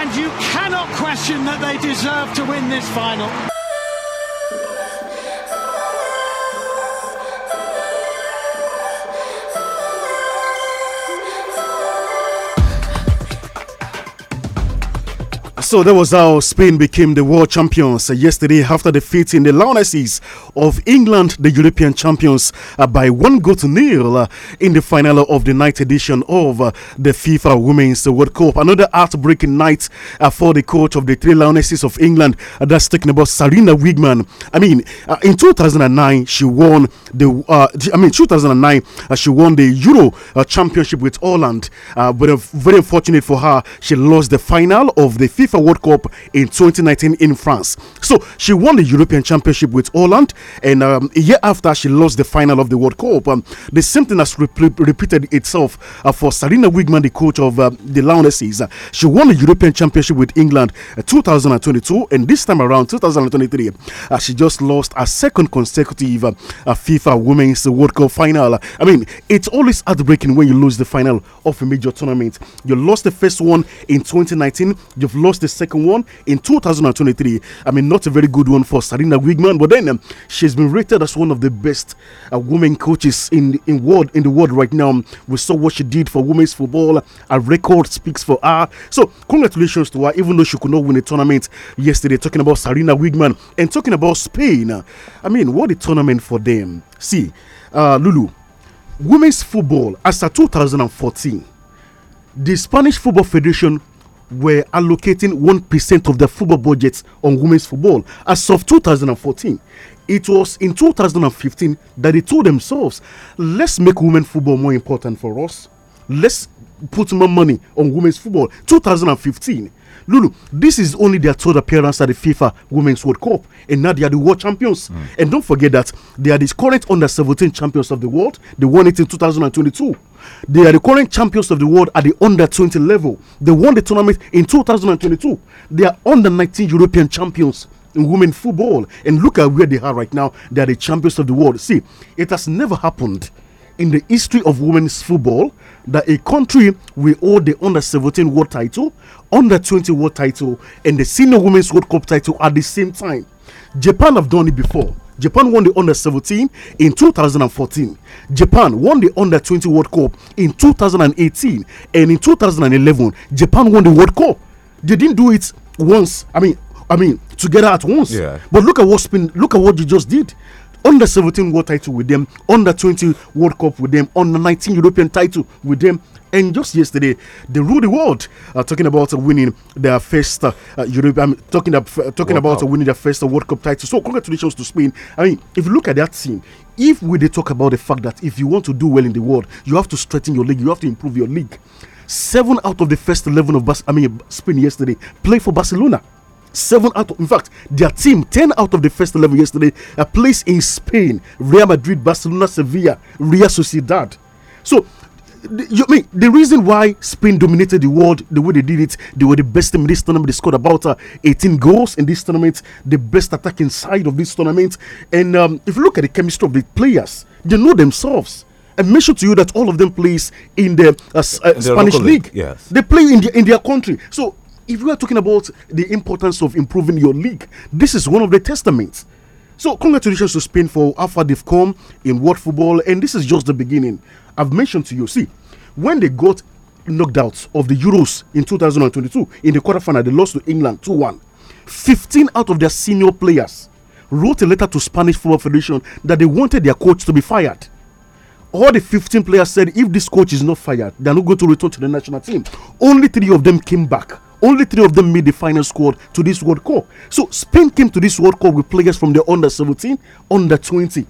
and you cannot question that they deserve to win this final. So that was how Spain became the world champions yesterday after defeating the Lionesses of England, the European champions, uh, by one goal to nil uh, in the final of the night edition of uh, the FIFA Women's World Cup. Another heartbreaking night uh, for the coach of the three Lionesses of England. Uh, that's talking about Sarina Wigman. I mean, in 2009 she won the. I mean, 2009 she won the Euro Championship with Holland, but very unfortunate for her, she lost the final of the FIFA World Cup in 2019 in France. So she won the European Championship with Holland, and um, a year after she lost the final of the World Cup. Um, the same thing has repeated itself uh, for Serena Wigman, the coach of uh, the Lionesses. Uh, she won the European Championship with England in uh, 2022, and this time around 2023, uh, she just lost a second consecutive uh, FIFA Women's World Cup final. I mean, it's always heartbreaking when you lose the final of a major tournament. You lost the first one in 2019. You've lost the second one in 2023. I mean, not a very good one for Serena Wigman, but then um, she's been rated as one of the best uh, women coaches in in world in the world right now. We saw what she did for women's football. A record speaks for her. So congratulations to her, even though she could not win a tournament yesterday. Talking about Serena Wigman and talking about Spain. I mean, what a tournament for them. See, uh, Lulu, women's football as a 2014 the Spanish Football Federation were allocating 1% of their football budgets on women's football as of 2014. It was in 2015 that they told themselves, let's make women football more important for us. Let's put more money on women's football. 2015. Lulu, this is only their third appearance at the FIFA Women's World Cup, and now they are the world champions. Mm. And don't forget that they are the current under 17 champions of the world. They won it in 2022. They are the current champions of the world at the under 20 level. They won the tournament in 2022. They are under 19 European champions in women football. And look at where they are right now. They are the champions of the world. See, it has never happened in the history of women's football that a country will hold the under 17 world title, under 20 world title, and the senior women's World Cup title at the same time. Japan have done it before. Japan won the under 17 in 2014. Japan won the under 20 World Cup in 2018. And in 2011, Japan won the World Cup. They didn't do it once. I mean, I mean, together at once. Yeah. But look at what been. Look at what you just did under 17 world title with them, under 20 World Cup with them, under 19 European title with them. And just yesterday, they ruled the world, uh, talking about uh, winning their first uh, Europe. I'm talking, uh, talking about winning their first World Cup title. So congratulations to Spain. I mean, if you look at that team, if we they talk about the fact that if you want to do well in the world, you have to strengthen your league, you have to improve your league. Seven out of the first eleven of Bas I mean, Spain yesterday play for Barcelona. Seven out of, in fact, their team, 10 out of the first 11 yesterday, a place in Spain, Real Madrid, Barcelona, Sevilla, Real Sociedad. So, you mean the reason why Spain dominated the world the way they did it? They were the best team in this tournament. They scored about uh, 18 goals in this tournament, the best attacking side of this tournament. And um, if you look at the chemistry of the players, they know themselves. I mentioned to you that all of them plays in the uh, uh, Spanish league. league. Yes, they play in, the, in their country. So if we are talking about the importance of improving your league, this is one of the testaments. So, congratulations to Spain for how far they've come in world football, and this is just the beginning. I've mentioned to you, see, when they got knocked out of the Euros in 2022 in the quarterfinal, they lost to England 2 1. 15 out of their senior players wrote a letter to Spanish Football Federation that they wanted their coach to be fired. All the 15 players said if this coach is not fired, they're not going to return to the national team. Only three of them came back only three of them made the final squad to this World Cup. So Spain came to this World Cup with players from the under 17, under 20.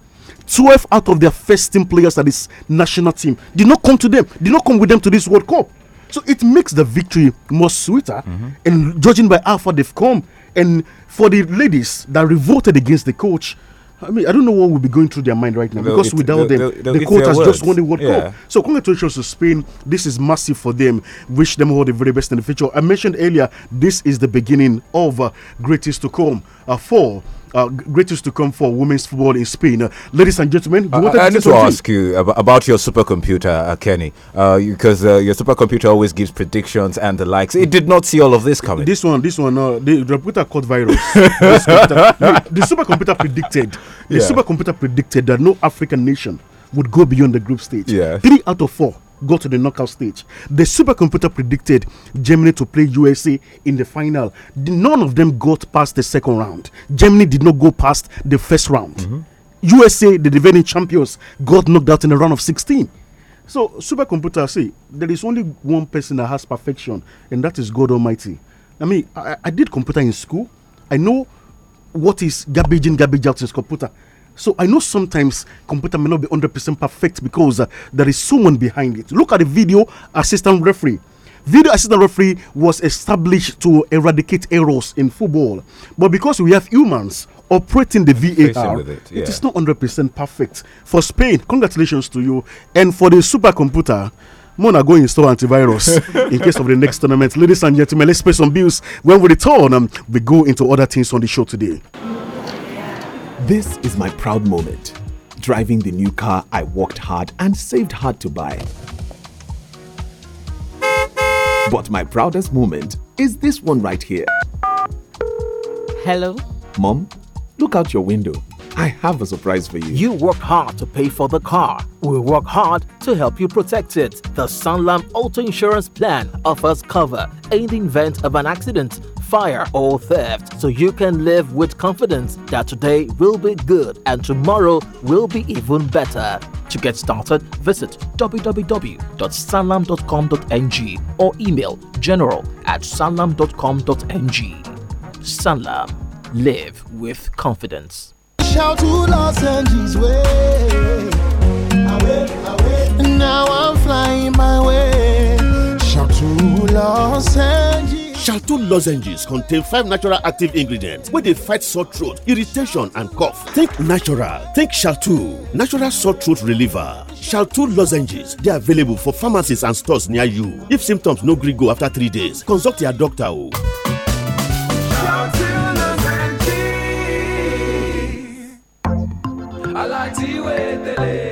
12 out of their first team players at this national team did not come to them, did not come with them to this World Cup. So it makes the victory more sweeter. Mm -hmm. And judging by how far they've come, and for the ladies that revolted against the coach, I mean, I don't know what will be going through their mind right now they'll because without they'll, them, they'll, the court has words. just won the World yeah. Cup. So congratulations to Spain. This is massive for them. Wish them all the very best in the future. I mentioned earlier, this is the beginning of uh, greatest to come uh, for uh, greatest to come for women's football in Spain. Uh, ladies and gentlemen, I, I, I need to ask you about, about your supercomputer, uh, Kenny, because uh, uh, your supercomputer always gives predictions and the likes. It did not see all of this coming. This one, this one, uh, the, [laughs] the computer called virus. the, the, supercomputer predicted. The yeah. supercomputer predicted that no African nation would go beyond the group stage. Yeah. Three out of four go to the knockout stage. The supercomputer predicted Germany to play USA in the final. None of them got past the second round. Germany did not go past the first round. Mm -hmm. USA, the defending champions, got knocked out in the round of 16. So, supercomputer say there is only one person that has perfection, and that is God Almighty. I mean, I, I did computer in school. I know what is garbage in, garbage out in computer. So I know sometimes computer may not be 100% perfect because uh, there is someone behind it. Look at the video assistant referee. Video assistant referee was established to eradicate errors in football. But because we have humans operating the VAR, it, yeah. it is not 100% perfect. For Spain, congratulations to you. And for the supercomputer, Mona, go install antivirus [laughs] in case of the next tournament. Ladies and gentlemen, let's pay some bills. When we return, um, we go into other things on the show today. This is my proud moment. Driving the new car I worked hard and saved hard to buy. But my proudest moment is this one right here. Hello? Mom, look out your window. I have a surprise for you. You worked hard to pay for the car. We work hard to help you protect it. The Sunlam Auto Insurance Plan offers cover in the event of an accident fire or theft so you can live with confidence that today will be good and tomorrow will be even better. To get started, visit www.sanlam.com.ng or email general at sanlam.com.ng. Sanlam. Live with confidence. Shout to Los Angeles way. Away, away. Now I'm flying my way. Shout to Los Angeles. Shalto lozenges contain five natural active ingredients wey dey fight sore throat, irritation and cough. Think natural, think Shalto, natural sore throat reliever. Shalto lozenges dey available for pharmacies and stores near you. If symptoms no gree go after three days, consult your doctor o. aláti wé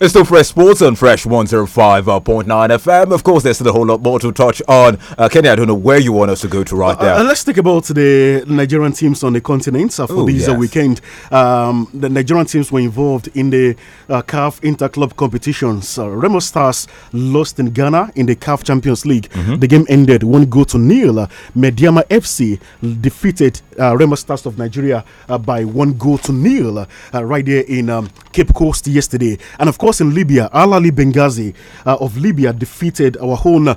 It's still Fresh Sports on Fresh 105.9 FM. Of course, there's still a whole lot more to touch on. Uh, Kenny, I don't know where you want us to go to right uh, now. Uh, let's think about the Nigerian teams on the continent uh, for Ooh, this yes. weekend. Um, the Nigerian teams were involved in the uh, CAF Interclub competitions. Uh, Remo Stars lost in Ghana in the CAF Champions League. Mm -hmm. The game ended one goal to nil. Uh, Mediama FC defeated uh, Remo Stars of Nigeria uh, by one goal to nil right there in um, Cape Coast yesterday. And of course, course, in Libya, Al Ali Benghazi uh, of Libya defeated our own uh,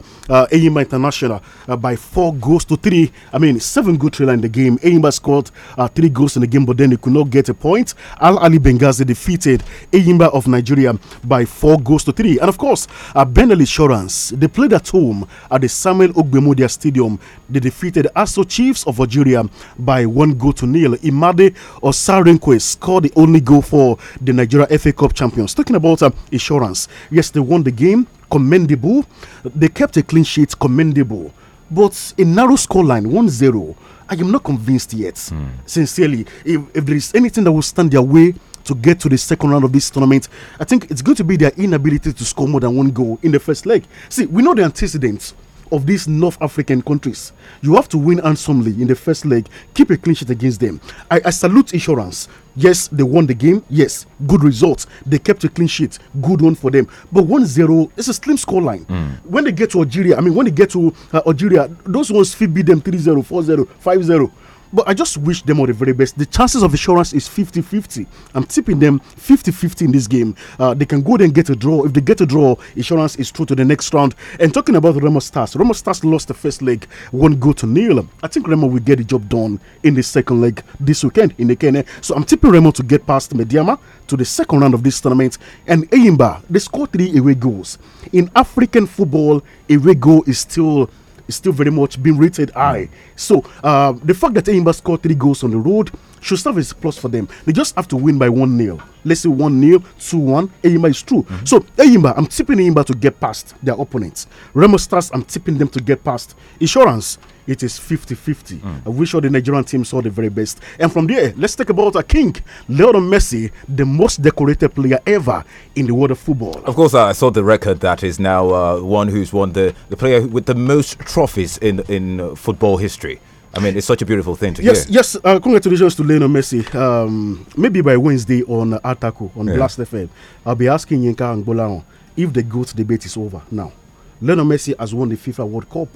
Aima International uh, by four goals to three. I mean, seven goal trailer in the game. Aima scored uh, three goals in the game, but then they could not get a point. Al Ali Benghazi defeated Aima of Nigeria by four goals to three. And of course, uh, Benel Insurance, they played at home at the Samuel Ogbemudia Stadium. They defeated Aso Chiefs of Algeria by one goal to nil. Imade Osarenkwe scored the only goal for the Nigeria FA Cup champions. Talking about about uh, insurance. Yes, they won the game, commendable. They kept a clean sheet, commendable. But a narrow scoreline, 1 0. I am not convinced yet. Mm. Sincerely, if, if there is anything that will stand their way to get to the second round of this tournament, I think it's going to be their inability to score more than one goal in the first leg. See, we know the antecedents of these North African countries. You have to win handsomely in the first leg, keep a clean sheet against them. I, I salute insurance. Yes, they won the game. Yes, good result. They kept a clean sheet. Good one for them. But 1 0, it's a slim scoreline. Mm. When they get to Algeria, I mean, when they get to uh, Algeria, those ones feed beat them 3 0, 4 0, 5 0. But I just wish them all the very best. The chances of insurance is 50 50. I'm tipping them 50 50 in this game. Uh, they can go there and get a draw. If they get a draw, insurance is through to the next round. And talking about Remo Stars, Remo Stars lost the first leg, one goal to nil. I think Remo will get the job done in the second leg this weekend in the Kenya. So I'm tipping Remo to get past Mediama to the second round of this tournament. And Eyimba, they scored three away goals. In African football, away goal is still is still very much being rated high. So uh, the fact that Enyimba scored three goals on the road should serve as a plus for them. They just have to win by one nil. Let's say one nil, two one. Enyimba is true. Mm -hmm. So Enyimba, I'm tipping Enyimba to get past their opponents. Remo Stars, I'm tipping them to get past. Insurance, it is 50 50. Mm. I wish all the Nigerian team saw the very best. And from there, let's talk about a king, Lionel Messi, the most decorated player ever in the world of football. Of course, I saw the record that is now uh, one who's won the, the player with the most trophies in, in uh, football history. I mean, it's such a beautiful thing to yes, hear. Yes, uh, congratulations to Lionel Messi. Um, maybe by Wednesday on uh, Ataku, on yeah. Blast FM, I'll be asking Yinka Angolaon if the GOAT debate is over now. Lionel Messi has won the FIFA World Cup.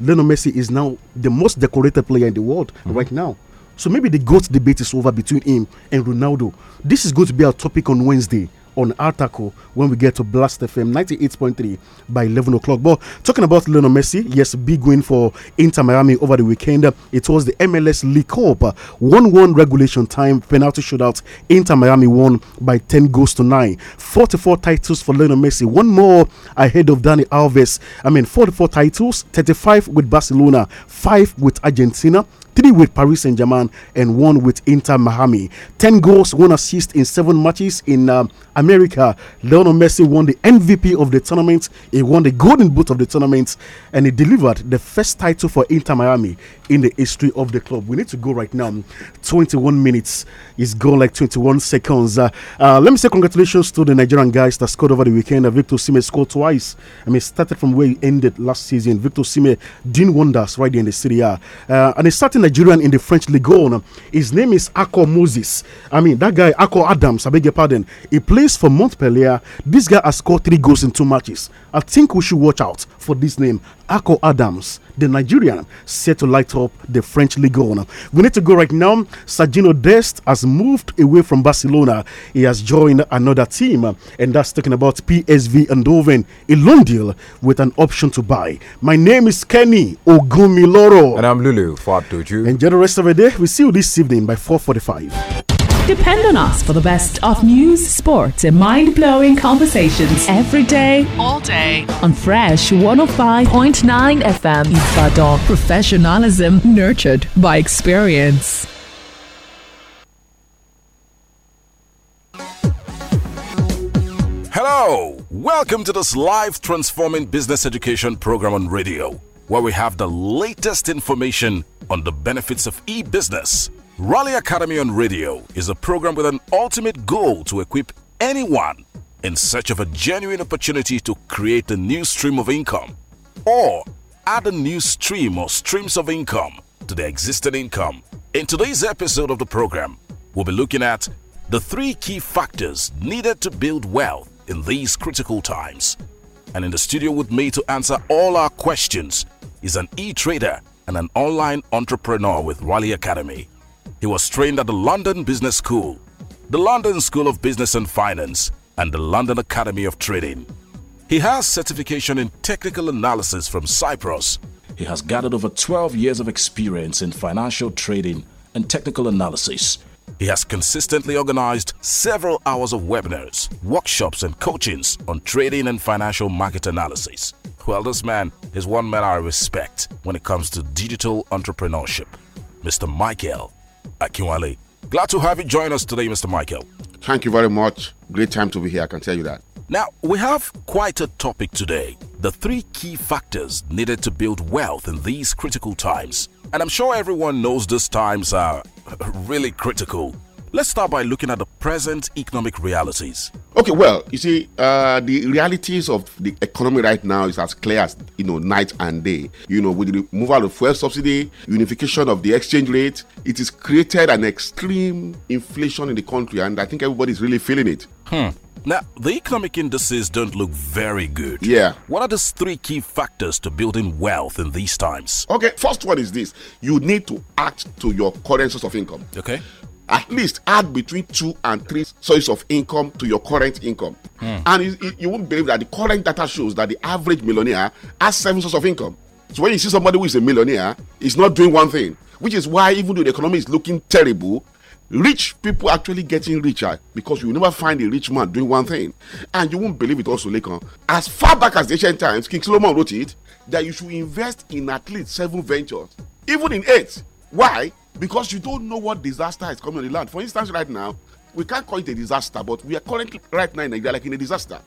Lionel Messi is now the most decorated player in the world mm -hmm. right now. So maybe the GOAT debate is over between him and Ronaldo. This is going to be our topic on Wednesday on Artaco when we get to Blast FM 98.3 by 11 o'clock. But talking about Lionel Messi, yes, big win for Inter Miami over the weekend. It was the MLS League Cup 1 1 regulation time penalty shootout. Inter Miami won by 10 goals to 9. 44 titles for Lionel Messi, one more ahead of Danny Alves. I mean, 44 titles, 35 with Barcelona, 5 with Argentina three with Paris Saint Germain, and one with Inter Miami. 10 goals, one assist in seven matches in um, America. Lionel Messi won the MVP of the tournament, he won the Golden Boot of the tournament, and he delivered the first title for Inter Miami in the history of the club. We need to go right now. 21 minutes is gone like 21 seconds. Uh, uh, let me say congratulations to the Nigerian guys that scored over the weekend. Uh, Victor Sime scored twice. I mean, started from where he ended last season. Victor Sime not wonders right there in the city. Uh, and he's starting Nigerian in the French Ligue 1. Um, his name is Akko Moses. I mean, that guy, Akko Adams, I beg your pardon. He plays for Montpellier. This guy has scored three goals in two matches. I think we should watch out for this name, Ako Adams, the Nigerian, set to light up the French League One. We need to go right now. Sergino Dest has moved away from Barcelona. He has joined another team, and that's talking about PSV Eindhoven, a loan deal with an option to buy. My name is Kenny Ogumiloro. And I'm Lulu Fatuju. Enjoy the rest of the day. We we'll see you this evening by 4.45. Depend on us for the best of news, sports, and mind blowing conversations every day, all day on Fresh 105.9 FM Ibadan. Professionalism nurtured by experience. Hello! Welcome to this live transforming business education program on radio, where we have the latest information on the benefits of e business Raleigh Academy on Radio is a program with an ultimate goal to equip anyone in search of a genuine opportunity to create a new stream of income or add a new stream or streams of income to their existing income. In today's episode of the program, we'll be looking at the three key factors needed to build wealth in these critical times. And in the studio with me to answer all our questions is an e trader and an online entrepreneur with Raleigh Academy. He was trained at the London Business School, the London School of Business and Finance, and the London Academy of Trading. He has certification in technical analysis from Cyprus. He has gathered over 12 years of experience in financial trading and technical analysis. He has consistently organized several hours of webinars, workshops, and coachings on trading and financial market analysis. Well, this man is one man I respect when it comes to digital entrepreneurship, Mr. Michael Akinwale. Glad to have you join us today, Mr. Michael. Thank you very much. Great time to be here, I can tell you that. Now, we have quite a topic today the three key factors needed to build wealth in these critical times. And I'm sure everyone knows these times are [laughs] really critical. Let's start by looking at the present economic realities. Okay, well, you see, uh, the realities of the economy right now is as clear as you know night and day. You know, with the removal of fuel subsidy, unification of the exchange rate, it has created an extreme inflation in the country, and I think everybody's really feeling it. Hmm. Now, the economic indices don't look very good. Yeah. What are the three key factors to building wealth in these times? Okay, first one is this you need to act to your current source of income. Okay at least add between two and three sources of income to your current income. Mm. And you won't believe that the current data shows that the average millionaire has seven sources of income. So when you see somebody who is a millionaire, is not doing one thing, which is why even though the economy is looking terrible, rich people actually getting richer because you never find a rich man doing one thing. And you won't believe it also, Lekon. As far back as the ancient times, King Solomon wrote it that you should invest in at least seven ventures, even in eight. Why? because you don't know what disaster is coming on the land. For instance, right now, we can't call it a disaster, but we are currently right now in Nigeria like in a disaster.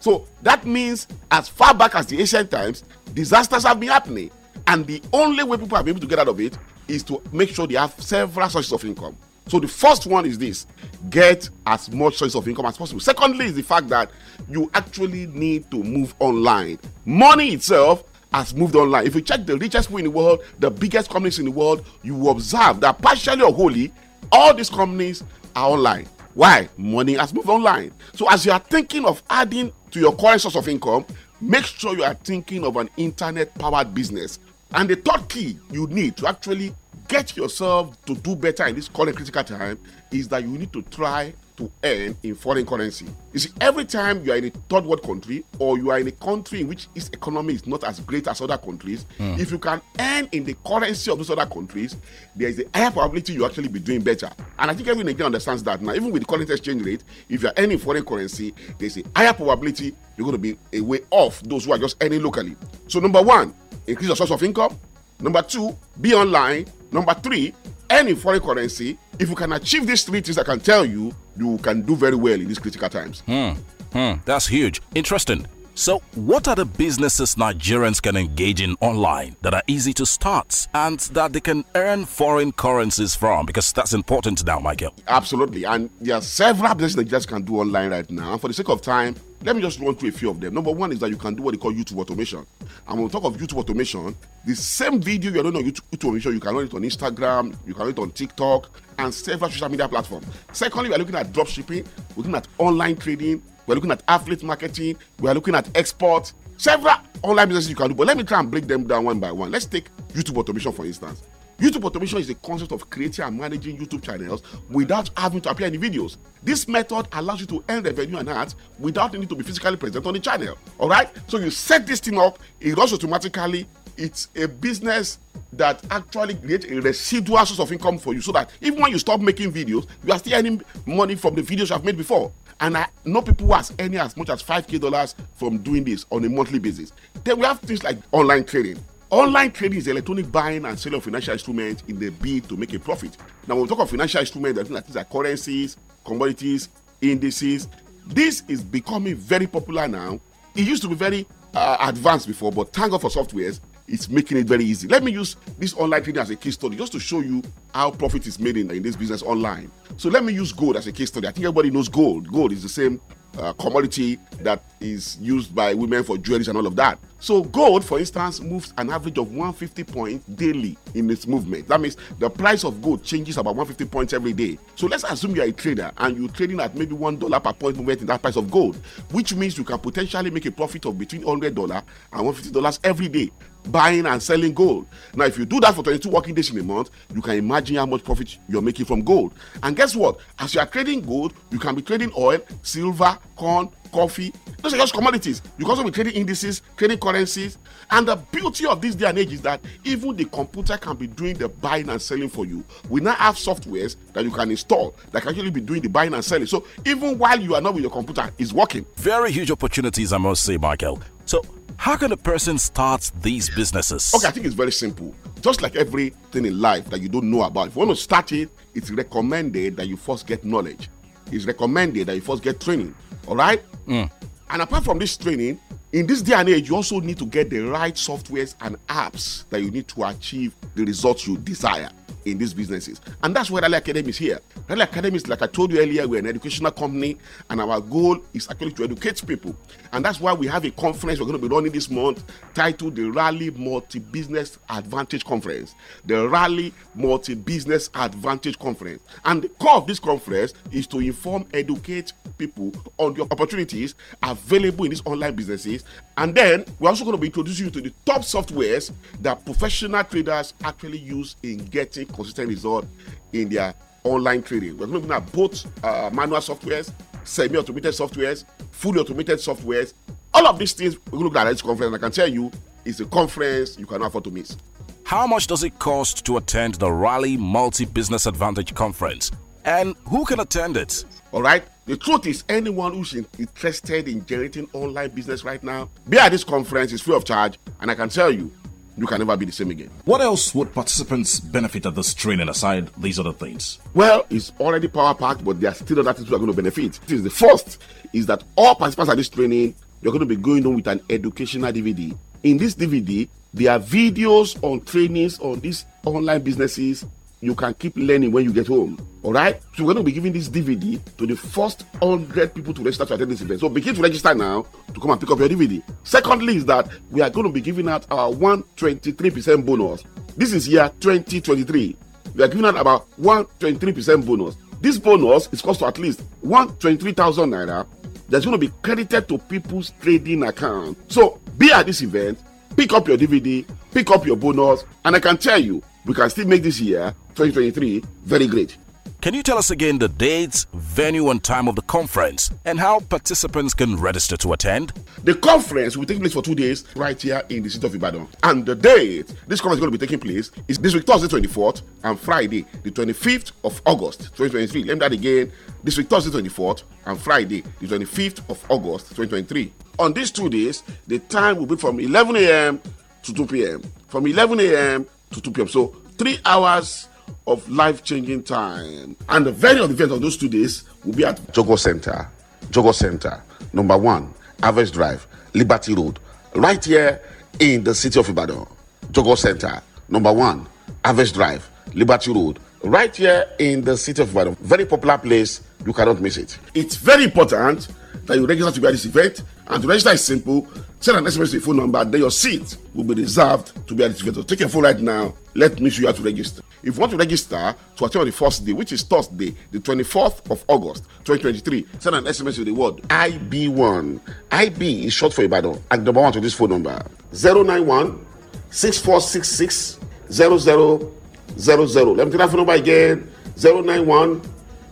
So that means as far back as the ancient times, disasters have been happening. And the only way people have been able to get out of it is to make sure they have several sources of income. So the first one is this: get as much source of income as possible. Secondly, is the fact that you actually need to move online. Money itself has moved online. If you check the richest people in the world, the biggest companies in the world, you will observe that partially or wholly, all these companies are online. Why? Money has moved online. So as you are thinking of adding to your current source of income, make sure you are thinking of an internet powered business. And the third key you need to actually get yourself to do better in this current critical time is that you need to try to earn in foreign currency. You see, every time you are in a third world country or you are in a country in which its economy is not as great as other countries, mm. if you can earn in the currency of those other countries, there is a higher probability you actually be doing better. And I think every Nigerian understands that now. Even with the current exchange rate, if you are earning foreign currency, there is a higher probability you're going to be a way off those who are just earning locally. So number one, increase your source of income. Number two, be online. Number three, earn in foreign currency if you can achieve these three things, I can tell you, you can do very well in these critical times. Hmm. Hmm. That's huge. Interesting. So, what are the businesses Nigerians can engage in online that are easy to start and that they can earn foreign currencies from? Because that's important now, Michael. Absolutely. And there are several businesses that just can do online right now. And for the sake of time, Let me just run through a few of them. Number one is that you can do what they call YouTube automation. And when we talk of YouTube automation, the same video you're doing on YouTube automation, you can run it on Instagram, you can run it on TikTok, and several social media platforms. Secondly, we're looking at dropshipping, we're looking at online trading, we're looking at affiliate marketing, we're looking at export, several online businesses you can do. But let me try and break them down one by one. Let's take YouTube automation, for instance. YouTube automation is the concept of creating and managing YouTube channels without having to appear in videos. This method allows you to earn revenue and ads without needing to be physically present on the channel. All right, so you set this thing up, it runs automatically. It's a business that actually creates a residual source of income for you so that even when you stop making videos, you are still earning money from the videos you have made before. And I know people who are earning as much as 5k dollars from doing this on a monthly basis. Then we have things like online trading Online trading is electronic buying and selling of financial instruments in the bid to make a profit. Now, when we talk of financial instruments, I think that these are currencies, commodities, indices. This is becoming very popular now. It used to be very uh, advanced before, but thank God for softwares, it's making it very easy. Let me use this online trading as a case study just to show you how profit is made in, in this business online. So let me use gold as a case study. I think everybody knows gold. Gold is the same uh, commodity that is used by women for jewelry and all of that. So gold, for instance, moves an average of 150 points daily in its movement. That means the price of gold changes about 150 points every day. So let's assume you're a trader and you're trading at maybe one dollar per point movement in that price of gold, which means you can potentially make a profit of between 100 dollar and 150 dollars every day buying and selling gold. Now, if you do that for 22 working days in a month, you can imagine how much profit you're making from gold. And guess what? As you are trading gold, you can be trading oil, silver, corn, coffee. Those are just commodities. You can also be trading indices, trading currencies. And the beauty of this day and age is that even the computer can be doing the buying and selling for you. We now have softwares that you can install that can actually be doing the buying and selling. So even while you are not with your computer, it's working. Very huge opportunities, I must say, Michael. So how can a person start these businesses? Okay, I think it's very simple. Just like everything in life that you don't know about, if you want to start it, it's recommended that you first get knowledge. It's recommended that you first get training. All right? Mm. And apart from this training, in this day and age, you also need to get the right softwares and apps that you need to achieve the results you desire in these businesses. And that's why Rally Academy is here. Rally Academy is, like I told you earlier, we're an educational company, and our goal is actually to educate people. And that's why we have a conference we're going to be running this month titled the Rally Multi Business Advantage Conference. The Rally Multi Business Advantage Conference. And the core of this conference is to inform, educate people on the opportunities available in these online businesses. And then we're also going to be introducing you to the top softwares that professional traders actually use in getting consistent result in their online trading. We're looking at both uh, manual softwares, semi-automated softwares, fully automated softwares. All of these things we look at this conference. I can tell you, it's a conference you cannot afford to miss. How much does it cost to attend the Rally Multi Business Advantage Conference? And who can attend it? All right. The truth is, anyone who's interested in generating online business right now, be at this conference is free of charge. And I can tell you, you can never be the same again. What else would participants benefit at this training aside these other things? Well, it's already power packed, but there are still other things that are going to benefit. This is the first is that all participants at this training, you're going to be going on with an educational DVD. In this DVD, there are videos on trainings on these online businesses you can keep learning when you get home. All right. So we're going to be giving this DVD to the first hundred people to register to attend this event. So begin to register now to come and pick up your DVD. Secondly, is that we are going to be giving out our 123% bonus. This is year 2023. We are giving out about 123% bonus. This bonus is cost to at least 123,000 naira. That's going to be credited to people's trading account. So be at this event, pick up your DVD, pick up your bonus, and I can tell you we can still make this year, 2023, very great. Can you tell us again the dates, venue, and time of the conference, and how participants can register to attend? The conference will take place for two days right here in the city of Ibadan. And the date this conference is going to be taking place is this week, Thursday 24th, and Friday, the 25th of August 2023. Let me that again. This week, Thursday 24th, and Friday, the 25th of August 2023. On these two days, the time will be from 11 a.m. to 2 p.m. From 11 a.m. to 2 p.m. So three hours of life-changing time. And the venue of the event of those two days will be at Jogo Center, Jogo Center, number one, Average Drive, Liberty Road, right here in the city of Ibadan. Jogo Center, number one, Average Drive, Liberty Road, right here in the city of Ibadan. Very popular place. You cannot miss it. It's very important that you register to be at this event And to register is simple. Send an SMS to your phone number, then your seat will be reserved to be activated. Take your phone right now. Let me show you how to register. If you want to register to attend on the first day, which is Thursday, the 24th of August, 2023, send an SMS to the word IB1. IB is short for Ibadan. And number one to this phone number 091 6466 0000. Let me take that phone number again 091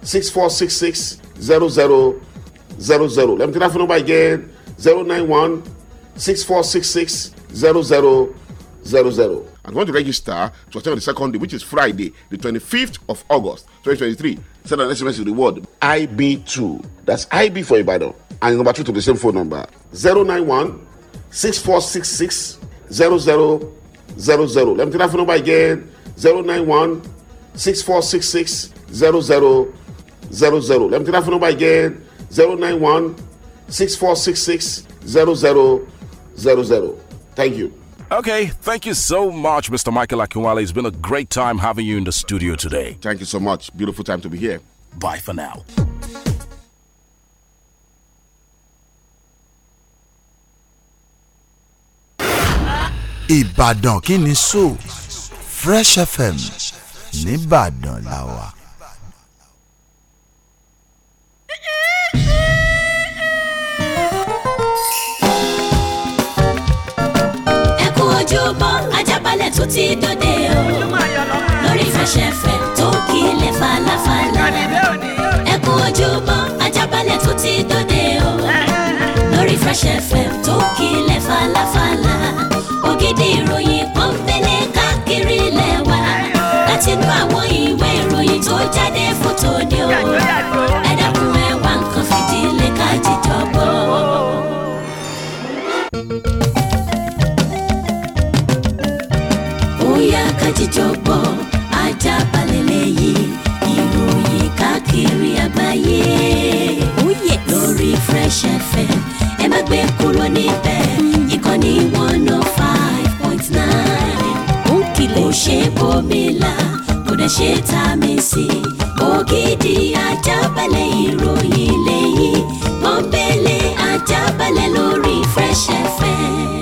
6466 0000. Let me take that phone number again 091 6466 0000. And want to register to attend on the second day, which is Friday, the 25th of August 2023. Send an SMS to the word IB2. That's IB for Ibadan. And number two to the same phone number 091 6466 0000. Let me tell that phone number again Zero zero zero zero. Let me tell that phone number again Zero nine one 6466 Thank you. Okay, thank you so much, Mr. Michael Akinwale. It's been a great time having you in the studio today. Thank you so much. Beautiful time to be here. Bye for now. Ibadan kini so Fresh FM Nibadan lawa. balẹ̀ tó ti dòde o lórí fẹsẹ̀fẹ̀ tó kílẹ̀ falafala ẹ kú ojúmọ́ ajábalẹ̀ tó ti dòde o lórí fẹsẹ̀fẹ̀ tó kílẹ̀ falafala ògidì ìròyìn kan fẹlẹ̀ káàkiri lẹ́wà látinú àwọn ìwé ìròyìn tó jáde fótó ni o. kájíjọ́gbọ́ Ajaabale lẹ́yìn ìròyìn káàkiri àgbáyé. Ó oh yẹ lórí Fresh FM ẹ má gbé kúrò níbẹ̀ ìkànnì one oh five point nine. Ó kìlẹ̀ kò ṣe bomi la kò dẹ̀ ṣe ta mi sí. Ògidì Ajaabale ìròyìn lẹ́yìn pọ́npẹ́lẹ́ Ajaabale lórí Fresh FM.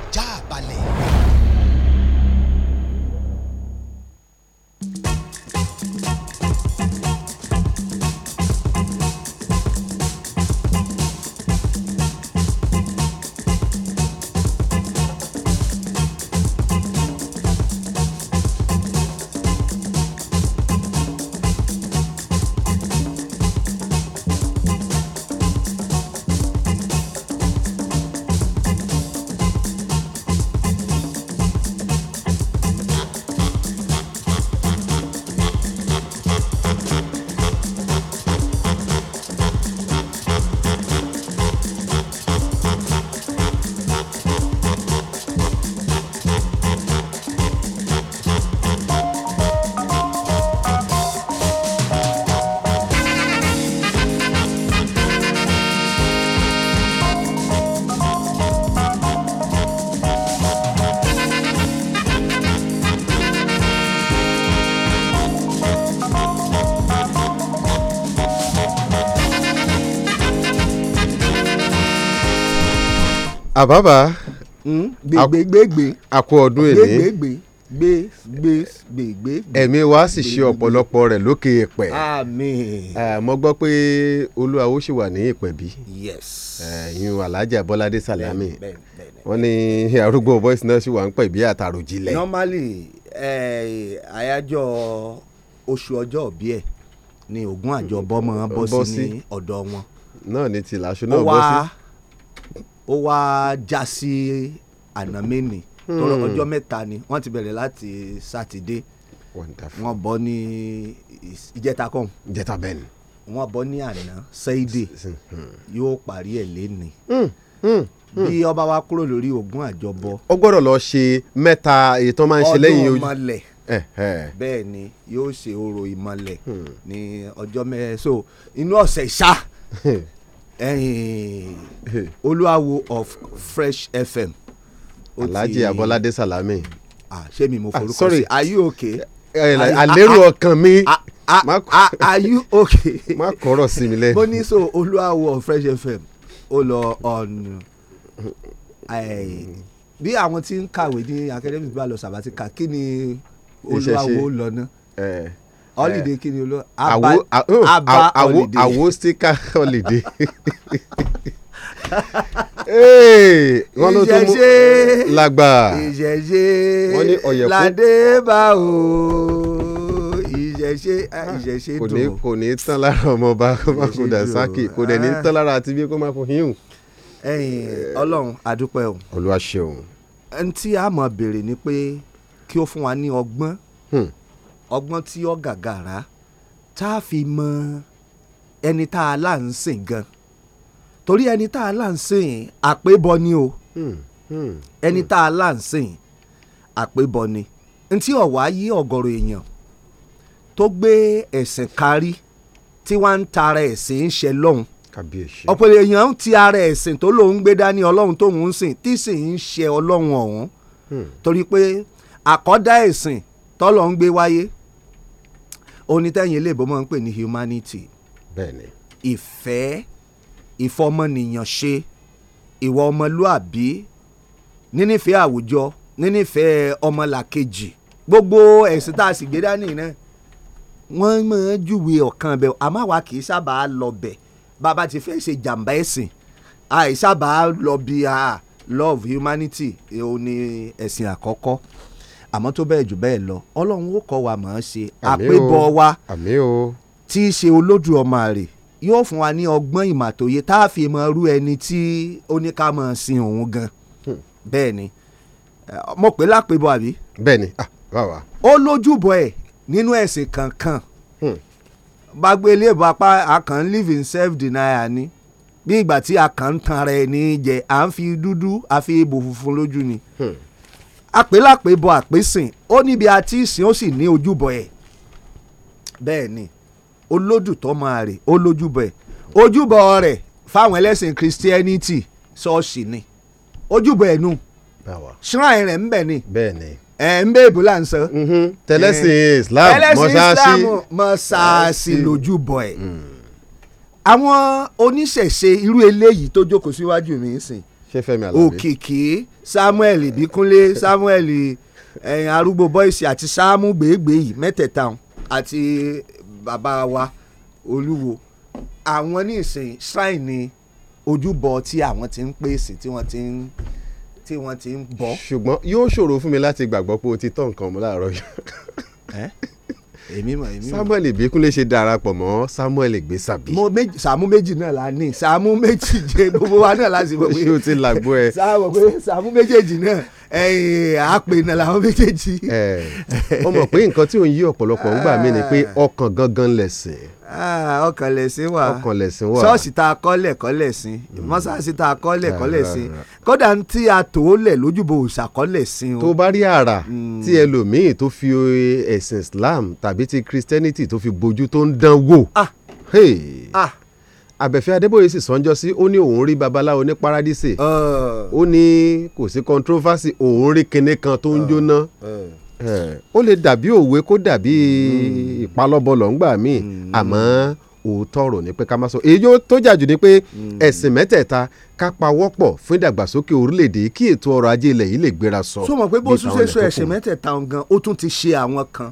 àbábà hmm? gbègbègbè àkó ọdún èlé gbègbègbè gbègbègbè. ẹ̀mí wa sì ṣe ọ̀pọ̀lọpọ̀ rẹ̀ lókè èpẹ̀. àmín. mo gbọ́ pé olúwa ó ṣì wà ní ìpẹ̀bí. yes. ẹ̀yin alájà bọ́ládé salami wọ́n ní arúgbó voice náà ṣì wà ń pẹ̀bí àtàròjìlẹ̀. normally àyájọ́ oṣù ọjọ́ òbí ẹ̀ ni ogún àjọ bọ́mọ bọ́ sí ní ọ̀dọ̀ wọn. náà ni tìlàṣọ náà bọ́ sí. ó wá ó wá já sí ànámẹ́ni tọrọ hmm. ọjọ́ mẹ́ta ni wọ́n ti bẹ̀rẹ̀ láti sátidé wọ́n bọ́ ní ìjẹta kan. ìjẹta bẹ́ẹ̀ ni. wọ́n bọ́ ní àná sẹ́ídẹ̀ hmm. yóò parí ẹ̀ lẹ́ni. Hmm, bí ọba wa kúrò lórí ogún àjọbọ. ó gbọ́dọ̀ lọ ṣe mẹ́ta èyí tó máa ń ṣe lẹ́yìn ojú. ọdún ọmọlẹ̀ bẹ́ẹ̀ ni yóò ṣe orò ìmọ̀lẹ̀ ní ọjọ́ mẹ́ẹ̀ẹ́sọ inú ọ̀sẹ̀ ṣá olúwawo of fresh fm. alhaji abolade salami. ah ṣé mi mo ah, forúkọ sí are you okay. Eh, eh, àlérò ah, ah, ọkàn mi. are you okay. [laughs] má kọ̀rọ̀ sí mi lẹ́yìn. mo ní so olúwawo of fresh fm ó lọ on eh, bí àwọn tí ń kàwé ní academy bá lọ sabatika kí ni olúwawo lọ náà holiday kí ni olóò aba oh, holiday awo sticker holiday [laughs] wọ́n ló tún mú làgbà wọ́n ní ọ̀yẹ̀kú ládé bá o ìṣẹ̀ṣe ìṣẹ̀ṣe dùn. kò ní tán lára ọmọọba Makuda Saki kò dẹ̀ ní ah. tán lára àti bí kò híhùn. ẹyin Ọlọ́run àdúpẹ́ o. Olúwa ṣeun. ẹni tí a máa béèrè ni pé kí ó fún wa ní ọgbọ́n. Hmm ọgbọ́n tí ó gàgàrà tá a fi mọ ẹni tá a là ń sìn gan torí ẹni tá a là ń sìn àpébọ ni o hmm, hmm. ẹni tá a là ń sìn àpébọ ni ntí ọ̀wá yí ọ̀gọ̀rọ̀ èèyàn tó gbé ẹ̀sìn kárí tí wọ́n ń tara ẹ̀sìn ń ṣe lọ́hùn ọ̀pọ̀ èèyàn ń ti ara ẹ̀sìn tó lòun gbé dání ọlọ́run tóun ń sìn tí sì ń ṣe ọlọ́run ọ̀hún hmm. torí pé àkọ́dá ẹ̀sìn tọ́lọ́ ń gbé wáyé onítẹ̀yìn eléèbó máa ń pè ní humanity bẹ́ẹ̀ni ìfẹ́ ìfọmọnìyàn ṣe ìwà ọmọlúàbí nínífẹ̀ẹ́ àwùjọ nínífẹ̀ẹ́ ọmọlàkejì gbogbo ẹ̀sìn tá a sì gbé dání náà wọ́n máa ń júwe ọ̀kan bẹ́ẹ̀ àmọ́ àwa kì í sábà lọ bẹ̀ bàbá ti fẹ́ ṣe jàǹbá ẹ̀sìn àìsábà lọ bí a love humanity òun ni ẹ̀sìn àkọ́kọ́ àmọ́ tó bẹ́ẹ̀ jù bẹ́ẹ̀ lọ ọlọ́run ó kọ́ wa mọ̀ ọ́n ṣe àpébọ̀ wa tí í ṣe olódù ọmọ rẹ̀ yóò fún wa ní ọgbọ́n ìmàtòye tá a fi mọ irú ẹni tí oníkàmọ̀ sin òun gan hmm. bẹ́ẹ̀ ni mo pè lápébọ̀ àbí. bẹ́ẹ̀ ni báwa. Ah, ó lójúbọ ẹ̀ nínú ẹ̀sìn kankan gbàgbé hmm. ilé ìbápá akàn living self denial ni bí ìgbà tí akàn ń tan ara ẹni jẹ à ń fi dúdú àfi ibò funfun lójú ni. Hmm àpélàpé bọ àpésìn ó níbi àti ìsìn ó sì ní ojúbọ ẹ̀ bẹ́ẹ̀ ni olódùtọ́ máa rè ó lójúbọ ẹ̀ ojúbọ rẹ̀ fáwọn ẹlẹ́sìn christianity ṣọ́ọ̀ṣì ni ojúbọ ẹ̀ nù shrine rẹ̀ ń bẹ ni. bẹ́ẹ̀ ni ẹ ń bẹ èbó là ń sọ. Mm-hmm. tẹlẹsìn islam mọ́ṣáàṣì mọ́ṣáàṣì lójúbọ ẹ̀. Mm. àwọn oníṣẹ̀ṣe irú eléyìí tó jókòó síwájú mi ń sìn ṣé Fẹ́mi Alábí Òkìkí Samuel Ìbíkúnlé Samuel arúgbó bọ́ìsì àti Sáàmù gbèégbèé yìí mẹ́tẹ̀ẹ̀ta àti bàbá wa Olúwo àwọn ní ìsìn shrine ni ojúbọ tí àwọn ti ń pèsè tí wọ́n ti ń tí wọ́n ti ń bọ. ṣùgbọ́n yóò ṣòro fún mi láti gbàgbọ́ pé o ti tọ́ nǹkan mú láàárọ̀ yìí èmi mọ̀ èmi mọ̀. samuel ìbíkúnlé ṣe darapọ̀ mọ́ samuel ìgbésàbí. mo méjì sàmú méjì náà la ní sàmú méjì jẹ gbogbo wa náà la sì mọ̀ pé. ṣé o ti làgbo ẹ. sàmú méjèèjì náà àpènà làwọn méjèèjì. ó mọ̀ pé nǹkan tí òun yí ọ̀pọ̀lọpọ̀ ń gbà mí ni pé ah. ọkàn gangan lẹ̀sìn. Ah, ọkàn lẹ̀sìn wà ọkàn lẹ̀sìn wà ṣọ́ọ̀ṣì tá a kọ́lẹ̀ hmm. kọ́lẹ̀ sí mọ́ṣáláṣí tá a kọ́lẹ̀ ah. kọ́lẹ̀ sí kódà tí a tò ó lẹ̀ lójúbọ òòṣà kọ́lẹ̀ sí. tó bá rí àrà hmm. tí ẹlòmíì tó fi ẹ̀sìn Islam tàbí ti Christianity tó fi bojú tó ń dán wò. ah hey. ah àbẹ̀fẹ́ adébóyè sì sọ́njọ́ sí ó ní òun rí babaláwo ní paradíṣe ó ní kò sí controversy òun rí kinní kan tó ń jóná ó lè dàbí òwe kó dàbí hmm. ìpalọ́bọlọ̀ ńgbà míì hmm. àmọ́ òótọ́ ọ̀rọ̀ ni pé ká má sọ èyí tó jàjù ni pé hmm. ẹ̀sìn mẹ́tẹ̀ẹ̀ta ká pawọ́pọ̀ fún ìdàgbàsókè orílẹ̀-èdè kí ètò ọrọ̀ ajé ilẹ̀ yìí lè gbéra sọ. sọ ma pé bó ṣe sọ ẹ̀sìn mẹ́tẹ̀ẹ̀ta gan ó tún ti ṣe àwọn kan.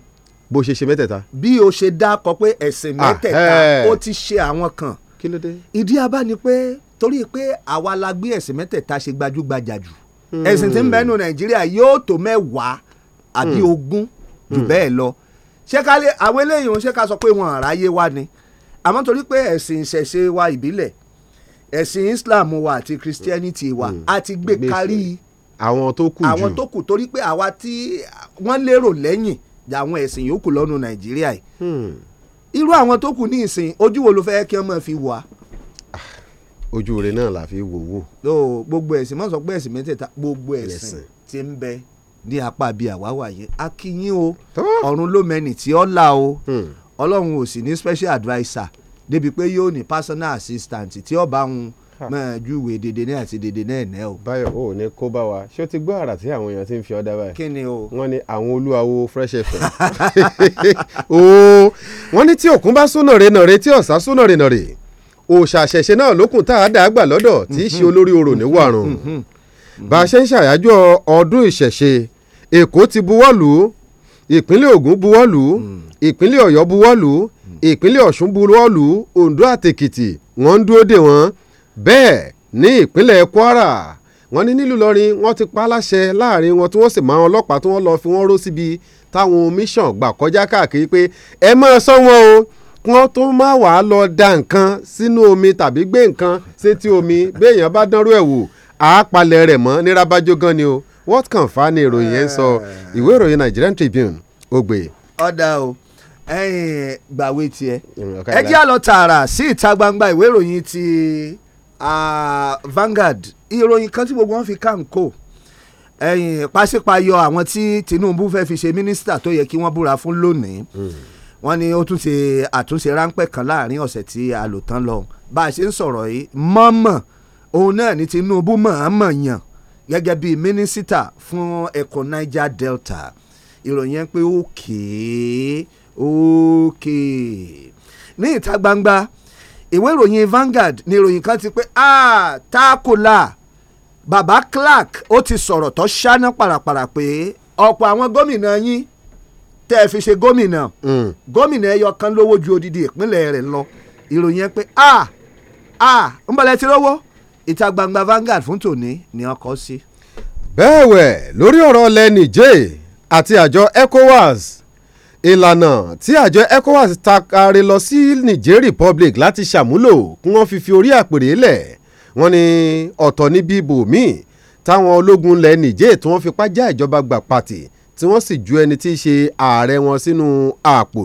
bó ṣe ṣe mẹ́tẹ̀ẹ̀ta. bí o ṣe dákọ pé ẹ̀sìn ah, mẹ́tẹ̀ẹ̀ta ó ti ṣe àwọn kan kí ló dé. ìdí abá ni pé torí pé àwa la gbé ẹ̀sìn mẹ́tẹ̀ẹ̀ta ṣe gbajúgbajà jù hmm. ẹ̀sìn tí ń bẹ́nu nàìjíríà yóò tó mẹ́wàá àbí hmm. ogún jù hmm. bẹ́ẹ̀ lọ ṣé ká lé àwọn eléyìí ṣé ká sọ pé wọn àráyé wa ni àmọ́ torí pé ẹ̀sìn ìṣẹ̀ṣe wa ìbílẹ̀ ẹ̀sìn Islam wa àti Christianity wa a ti gbé kárí àwọn tó kù jù àwọn tó kù torí pé àwa tí wọ́n lérò lẹ́yìn àwọn ẹ̀sìn yòókù lọ́nu nàìjíríà yìí irú àwọn tó kù ní ìsìn ojú wo ló fẹ́ kí wọ́n máa fi wà. ojú rẹ náà la fi wò wò. o gbogbo ẹ̀sìn má sọ pé ẹ̀sìn mẹ́tẹ̀ẹ̀ta gbogbo ẹ̀sìn ti ń bẹ ní apá bí àwa yẹn a o ọ̀run ló tí ó là o hmm. ọlọ́run ò sì ní special adviser débi pé yóò ní personal assistant tí ó bá ń máa júwe dèdè náà àti dèdè náà náà o. báyọ̀ o ò ní kó bá wa ṣé o ti gbọ́ àrà tí àwọn èèyàn ti ń fi ọ́ dá kí ni o. wọ́n ní àwọn olúwawo fresh fm. ooo [laughs] [laughs] wọ́n ní tí òkun bá sún nàrè nàrè tí ọ̀sà sún nàrè nàrè òòṣà àṣẹ̀ṣẹ̀ náà lókun tá a dà gbà lọ́dọ̀ tí í ṣe mm-hmm. olórí orò ní wàrùn. Mm-hmm. Mm-hmm. bá a ṣe ń ṣàyájọ́ ọdún ìṣẹ̀ṣe èkó ti buwọ́lù ìpínlẹ̀ Ògùn buwọ́lù mm. ìpínlẹ̀ Ọ̀yọ́ buwọ́lù mm. ìpínlẹ̀ Ọ̀ṣun buwọ́lù Oǹdó àtèkìtì wọ́n ń dúró dè wọ́n bẹ́ẹ̀ ní ìpínlẹ̀ Kwara wọ́n ní nílùú Ìlọrin wọ́n ti pa á láṣẹ láàrin wọn tí wọ́n sì máa ọlọ́pàá tí wọ́n lọ fi wọ́n ró síbi táwọn mission gbà kọjá káàkiri pé ẹ máa sọ wọn o wọ́n tó máa wà á lọ da nǹkan sínú omi tàbí gbé nǹkan sétí omi béèyàn bá dánrú ẹ̀ wò àápalẹ̀ rẹ̀ mọ́ ní gan ni o what can fa ni ìròyìn yẹn sọ ìwé ìròyìn Nigerian Tribune ó gbé. ọ̀dà o gbàwé tiẹ̀ mm, ẹ jẹ́ àlọ́ tààrà sí ìta gbangba ìwé ìròyìn ti Ah, Vanguard ìròyìn kan tí gbogbo wọn fi kánkó ẹ̀yìn pàṣípàyọ àwọn tí Tinubu fẹ́ fi ṣe mínísítà tó yẹ kí wọ́n búra fún lónìí hmm. wọ́n ní ó tún ṣe àtúnṣe ráńpẹ́ kan láàrin ọ̀sẹ̀ tí a lò tán lọ bá a ṣe ń sọ̀rọ̀ yìí mọ́mọ́ òun náà ni Tinubu mọ̀ọ́mọ̀ yàn gẹ́gẹ́ bíi mínísítà fún ẹkùn Niger Delta ìròyìn yẹn pé ókè ókè ní ìta gbangba ìwé ìròyìn Vanguard ni ìròyìn kan ti pé ah takola baba Clark ó ti sọ̀rọ̀ tó ṣáná parapara pé ọ̀pọ̀ àwọn gómìnà yín tẹ́ ẹ fi ṣe gómìnà mm. gómìnà ẹyọ kan lówó ju odidi ìpínlẹ̀ rẹ̀ lọ ìròyìn pé ah ah ń bọ̀lẹ̀ ti rówó ìta gbangba Vanguard fún tòní ni wọ́n kọ sí. bẹ́ẹ̀ wẹ̀ lórí ọ̀rọ̀ ilẹ̀ Niger àti àjọ ECOWAS ìlànà tí àjọ ecowas takare lọ sí niger republic láti ṣàmúlò kí wọ́n fi fi orí àpèrè lẹ̀ wọ́n ní ọ̀tọ̀ níbi ibò míì táwọn ológun ilẹ̀ niger tí wọ́n fipá já ìjọba gbà pàtì tí wọ́n sì ju ẹni tí í ṣe ààrẹ wọn sínú àpò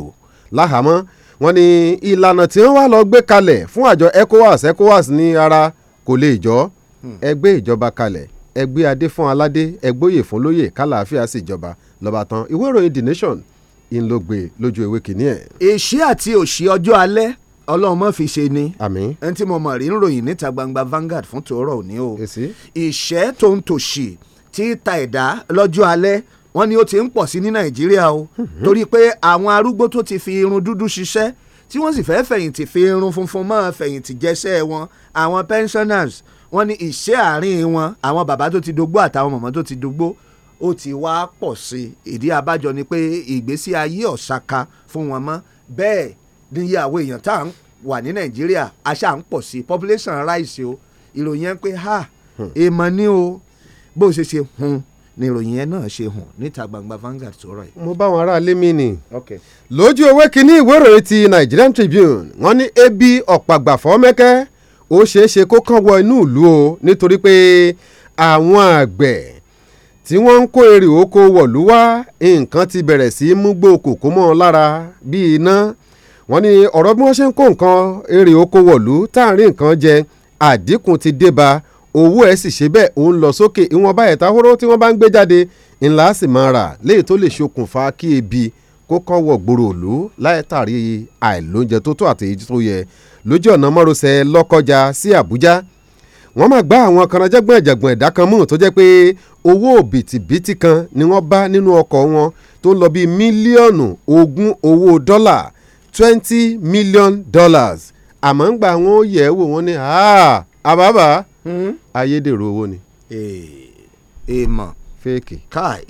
láhàámọ́ wọ́n ní ìlànà tí wọ́n wá lọ gbé kalẹ̀ fún àjọ ecowas ecowas ní ara kò lè jọ hmm. ẹgbẹ́ ìjọba kalẹ̀ ẹgbẹ́ adé fún aládé ẹgbóyè fún lóyè kálàáfíà síjọba lọ́ba tán ìwé ìròyìn the nation ńlọgbẹ lójú ewé kìíní ẹ̀. èṣí àti òṣì ọjọ́ alẹ́ ọlọ́run mọ̀ fi ṣe ni. àmín. ẹni tí mo mọ̀ rí ń ròyìn níta gbangba Vanguard fún tòórọ̀ òní o. èsì. ìṣẹ́ tó ń tòṣì tí ta ẹ̀dá lọ́jọ́ alẹ́ wọ́n ní ó ti ń pọ̀ sí ní Nàìjíríà o. Mhm. torí pé àwọn arúgbó tó ti fi irun dúdú ṣiṣẹ́ tí wọ́n sì fẹ́ fẹ̀yìntì fi irun funfun mọ́ fẹ̀yìntì jẹ́sẹ́ wọn àwọn pensioners wọ́n ní ìṣẹ́ àárín wọn àwọn bàbá tó ti dogbó àtàwọn mọ̀mọ́ tó ti dogbó ó ti wá pọ̀ sí i ìdí abájọ ni pé ìgbésí ayé ọ̀saka fún wọn mọ́ bẹ́ẹ̀ níyà èèyàn tá à ń wà ní nàìjíríà aṣá ń pọ̀ sí i population rise o ìròyìn yẹn pé ha hmm. èèmọ̀ ni o bó ṣe ṣe hun ni ìròyìn yẹn náà ṣe hàn níta gbangba Vanguard sọ̀rọ̀ yìí. mo bá wọn ará ilé mi nì. lójú ewé kínní ìwé ìròyìn ti Nigerian Tribune wọ́n ní ebi ọ̀pàgbàfọ́ mẹ́kẹ́ ó ṣeé ṣe kó kàn wọ inú ìlú o nítorí pé àwọn àgbẹ̀ tí wọ́n ń kó èrè oko wọ̀lú wá nǹkan ti bẹ̀rẹ̀ sí í múgbó kòkó mọ́ ọ lára bíi iná wọ́n ní ọ̀rọ̀ bí wọ́n ṣe ń kó nǹkan èrè oko wọ̀lú táàrin nǹkan jẹ àdínkù ti dé ba owó ẹ̀ sì ṣe bẹ́ẹ̀ òun lọ sókè ìwọ̀nba ẹ̀ta hóró tí wọ́n bá ń gbé jáde ńlá sì máa rà léyìí tó lè ṣokùnfà kí ebi kó kàn wọ̀ gbòòrò òlú látàrí àìlóúnjẹ tó tó àtẹ̀yí tó yẹ lójú ọ̀nà mọ́rọ̀sẹ̀ lọ́kọjá sí Àbújá wọ́n máa gbá àwọn kanajẹ́gbọ̀n ẹ̀jẹ̀gbọ̀n ẹ̀dá kan mú tó jẹ́ pé owó bìtìbìtì kan ni wọ́n bá nínú ọkọ̀ wọn tó ń lọ bíi mílíọ̀nù ogún owó dọ́là twenty million dollars àmọ́ ń gbà wọ́n yẹ̀ ẹ́ wò wọ́n ní ah, àbábà hmm? ayédèrú owó ni. èèmọ̀ fèkì. káì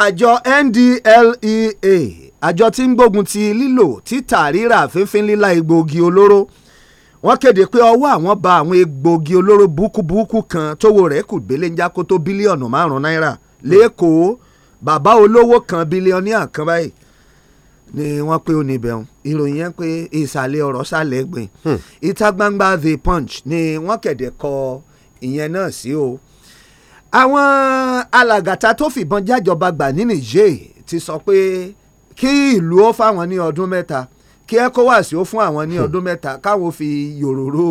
àjọ NDLEA àjọ tí ń gbógun ti lílò títà rírà fínfín líla egbòogi olóró wọ́n kéde pé ọwọ́ àwọn bá àwọn egbògi olóró búkúbúkú kan tówó rẹ̀ kù gbéléńjá kó tó bílíọ̀nù márùn-ún náírà lẹ́kọ̀ọ́ bàbá olówó kan bílíọ̀nìà kan báyìí ni wọ́n pé ó níbẹ̀ ọ̀hún ìròyìn yẹn pé ìsàlẹ̀ ọ̀rọ̀ sàlẹ̀ gbìn hmm. ìta gbangba the punch ni wọ́n kéde kọ ìyẹn náà sí o àwọn alàgàtà tó fìbọn jájọba gbà ní Niger ti sọ pé kí ìlú ó fáwọn ní ọdún mẹ́ta kí ECOWAS ó fún àwọn ní hmm. ọdún mẹ́ta káwọn fi yòròró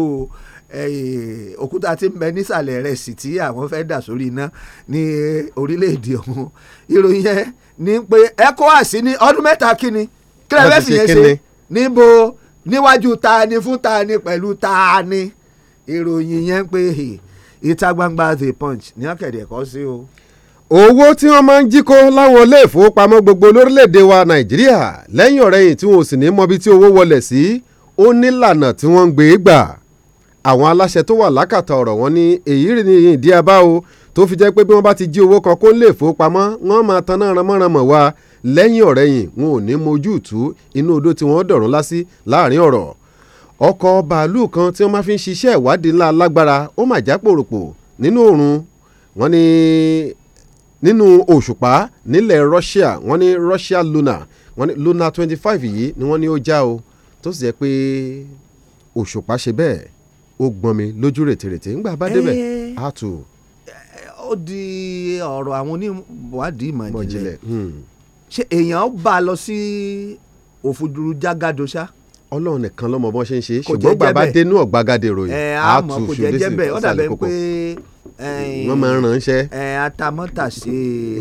òkúta tí ń bẹ nísàlẹ̀ rẹ̀ sì tí àwọn fẹ́ dà sórí iná ní orílẹ̀-èdè ọ̀hún ìròyìn yẹn ni pé sí ní ọdún mẹ́ta kí ni kílẹ̀ bẹ́ẹ̀ fìyẹn ṣe níbo níwájú ta ni fún ta ni pẹ̀lú ta ni ìròyìn yẹn pé ìta gbangba The Punch ní ọ̀kẹ́dẹ̀ kọ́ sí o. owó tí wọ́n máa ń jí kó láwọn ilé ìfowópamọ́ gbogbo lórílẹ̀‐èdè wa nàìjíríà lẹ́yìn ọ̀rẹ́yìn tí wọn ò sì ní mọbi tí owó wọlé sí ó nílànà tí wọ́n ń gbé gbà àwọn aláṣẹ tó wà lákàtà ọ̀rọ̀ wọn ní èyí rìn ní ìdí abá o tó fi jẹ́ pé bí wọ́n bá ti jí owó kan kó lè fowópamọ́ wọ́n máa taná ranmọ́ranmọ́ wa lẹ́yìn ọ̀rẹ́yìn wọn ò ní mojútù inú odó tí wọ́n dọ̀rùn lásì láàrin ọ̀rọ̀ ọkọ̀ bàálù kan tí wọ́n máa fi ń ṣiṣẹ́ ìwádìí ńlá lágbára ó mà já pòròpò nínú òòrùn wọ́n ní nínú òṣùpá nílẹ̀ Russia wọ́n ní Russia luna wọ́n ní luna twenty five yìí ni wọ́n ní ó já o tó sì jẹ́ pé òṣùpá ṣe bẹ́ẹ̀ ó gbọ́n mi lójú rètérètè ńgbà bá débẹ̀ á eh, tù. Eh, ó di ọ̀rọ̀ àwọn oníwádìí ìmọ̀ ìjìnlẹ̀ hmm. ṣé èèyàn bá a lọ sí òfurufú jágàdo ṣá. Ọlọ́run nìkan lọmọ bọ́n ṣe ń ṣe ṣùgbọ́n bàbá dénú ọ̀gbagadèrò yìí á eh, tù ṣùgbọ́n sì sàlẹ̀ kókó wọ́n máa ń ránṣẹ́. atamọ́tàṣe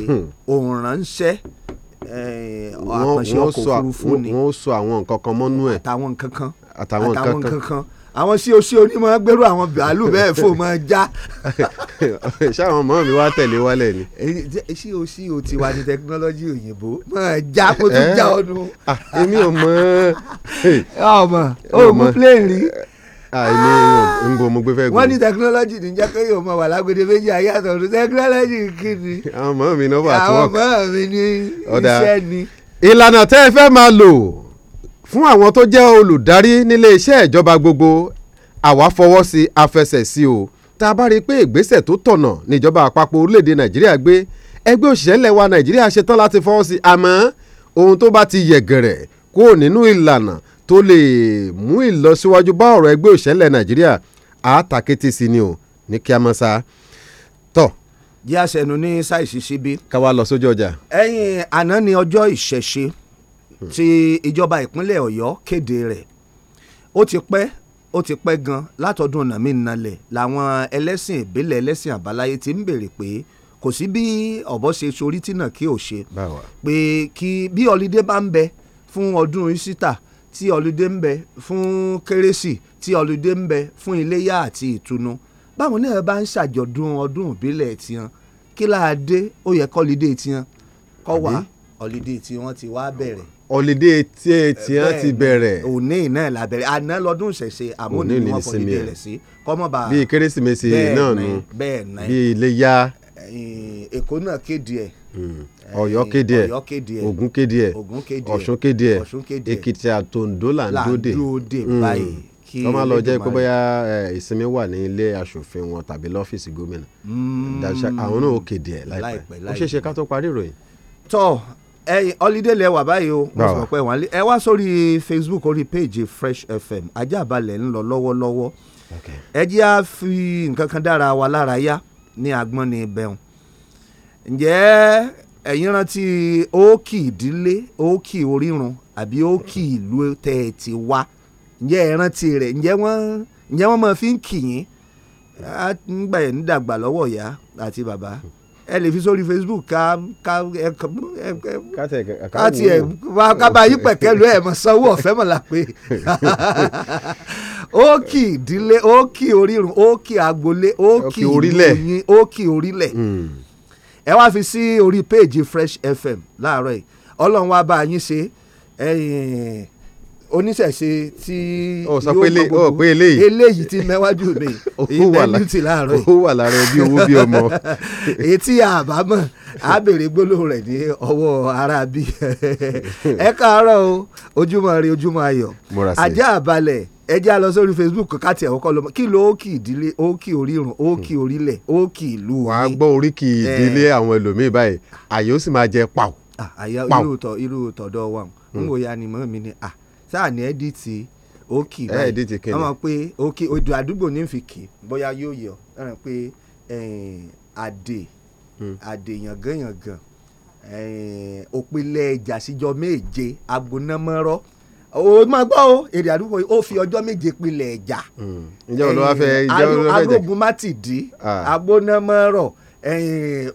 [laughs] òun ránṣẹ́ àkànṣe ọkọ̀ òfurufú ni. wọ́n ó sọ àwọn nǹkan kan mọ́nú ẹ̀. àtàwọn nǹkan kan. àtàwọn nǹkan kan àwọn sí oṣù onímọ̀ gbẹ́rù àwọn bàálù [laughs] bẹ́ẹ̀ fò mọ́ já. [laughs] ṣáwọn ọmọ mi wá tẹ̀lé wálẹ̀ ni. ṣé o sí o ti wá ní tẹkinọ́lọ́jì òyìnbó mọ̀ já kó tún já ọdún. Ah, èmi ò mọ̀. ọmọ o mú plane rí àìní ah, n kò mo gbé fẹ́ gbé. wọ́n ní tẹkinọ́lọ́jì ní jẹ́kẹ́ yóò máa wà lágbèdè méjì ayé àtọ̀run tẹkinọ́lọ́jì kìíní. àwọn ọmọ mi náà wà tó wọ́n. àwọn ọmọ mi ní iṣẹ́ ni. ìlànà tẹ́ ẹ fẹ́ máa lò fún àwọn tó jẹ́ olùdarí nílé iṣẹ́ ìjọba gbogbo àwa fọwọ́ sí afẹsẹ̀ sí o tá a bá rí i pé ìgbésẹ̀ tó tọ̀nà níjọba àpapọ̀ orílẹ̀-èdè nàìjíríà gbé ẹgbẹ́ òṣìṣẹ́ ńlẹ̀ wa nàìjíríà ṣetán láti fọwọ́ sí àmọ́ ohun tó bá ti yẹ̀gẹ̀rẹ̀ kúrò nínú ìlànà tó lè mú ìlọsíwájú bá ọ̀rọ̀ ẹgbẹ́ òṣèlẹ̀ nàìjíríà àtàkété sí ni o ní kí a mọ̀ sá tọ̀. jẹ́ àṣẹnu ní ṣáìsì síbí. ká wá lọ sójú ọjà. ẹ̀yìn àná ni ọjọ́ ìṣẹ̀ṣe tí ìjọba ìpínlẹ̀ ọ̀yọ́ kéde rẹ̀ ó ti pẹ́ ó ti pẹ́ gan látọdún ọ̀nà mi nalẹ̀ làwọn ẹlẹ́sìn ìbílẹ̀ ẹlẹ́sìn àbáláyé ti ń béèrè pé kò sí bí ọ̀bọ ṣe sorí tí kí ò ṣe pé kí bí ọlídé bá ń bẹ fún ọdún ìsítà tí ọlùdé ń bẹ fún kérésì tí ọlùdé ń bẹ fún iléyà àti ìtùnú báwọn náà bá ń ṣàjọ̀dún ọdún ìbílẹ̀ tiwọn kí láà dé ó yẹ kọ́lídé tiwọn kọ́ wá ọlùdé tí wọ́n ti wá bẹ̀rẹ̀. ọlùdé tí tiwọn ti bẹ̀rẹ̀. òní náà la bẹ̀rẹ̀ àná lọ́dún ṣẹ̀ṣẹ̀ àmọ́ òní ni wọ́n fọlídé rẹ̀ sí kọ́mọba. bíi kérésìmesì náà nù bíi iléyà Eh, èkó náà hmm. eh, kéde ẹ̀. ọ̀yọ́ kéde ẹ̀ ògùn kéde ẹ̀ ọ̀ṣun kéde ẹ̀ èkìtì àtòǹdó là ń dóde. là ń dóde báyìí hmm. kí wọ́n máa lọ jẹ́ pé bóyá eh, ìsinmi wà ní ilé aṣòfin wọn tàbí lọ́fíìsì gómìnà hmm. àwọn náà ó kéde ẹ̀ láìpẹ́ ó ṣeé ṣe ká tó parí ìròyìn. tọ́ ọlídé lẹ wà báyìí o mo sọ pé wọn ẹ wá sórí Facebook orí page Fresh FM ajá balẹ̀ ń lọ lọ́wọ́lọ́wọ́ ẹ jẹ́ à fi nǹkan kan dára wa lára yá ní agbọ́n ní ibẹ̀hùn ǹjẹ́ ẹ̀yin rántí ókì ìdílé ókì orírun àbí ókì ìlú tẹ̀ ẹ̀ ti wá ǹjẹ́ ẹ rántí rẹ̀ ǹjẹ́ wọ́n ǹjẹ́ wọ́n máa fi ń kì yín nígbà yẹn nídàgbà lọ́wọ́ ìyá àti bàbá. Hmm ẹ lè fi sórí facebook ká ká ẹ ká tiẹ̀ ká bá yí pẹ̀kẹ́lu ẹ̀ mọ̀ sanwó ọ̀fẹ́ mọ̀ la pé [laughs] ókì ìdílé ókì orírun ókì agboolé ókì ìròyìn ókì orílẹ̀ hmm. ẹ wá fi sí orí péèjì fresh fm láàárọ̀ yìí ọlọ́run wa bá yín ṣe ẹ̀yìn. Eh, oníṣẹ̀ṣe tí yóò sọ pé o pé eléyìí eléyìí ti mẹ́wájú mi èyí [laughs] mẹ́lú ti láàárọ̀ yìí. owó wà lára ẹbí owó bí ọmọ. etí [laughs] àbámọ̀ á béèrè gbólóhùn rẹ̀ ní ọwọ́ ara bí. [laughs] ẹ káàárọ̀ o ojúmọ́ rẹ ojúmọ́ ayọ̀ ajá àbálẹ̀ ẹ lọ sórí facebook káàtì ẹ̀wọ́ kọ́ ló mọ̀ kí ló ó kì ìdílé ó kì orírun ó kì orílẹ̀ ó kì ìlú mi. wàá gbọ́ oríkì ìdílé àwọn ẹlòmíì báyìí àyè ó sì máa jẹ pàù. Ah, àyà irú tọ̀dọ̀ wa n hmm. wò ya mi ni à sáà ní ẹ́díìtì òkì báyìí ọmọ pé òkì odò àdúgbò ní fi kì bóyá yóò yọ ẹ̀ràn pé eh, àdè hmm. àdè yàngànyàngàn eh, òpìlẹ̀ ẹ̀jà síjọ méje agbonámọ́rọ́ o máa gbọ́ o èrè àdúgbò yìí ó fi ọjọ́ méje pilẹ̀ ẹ̀jà hmm. ǹjẹ́ olùwàfẹ́ eh, ǹjẹ́ olùwàfẹ́ ẹ̀jẹ̀ arógun má ti dì ah. agbónámọ́rọ̀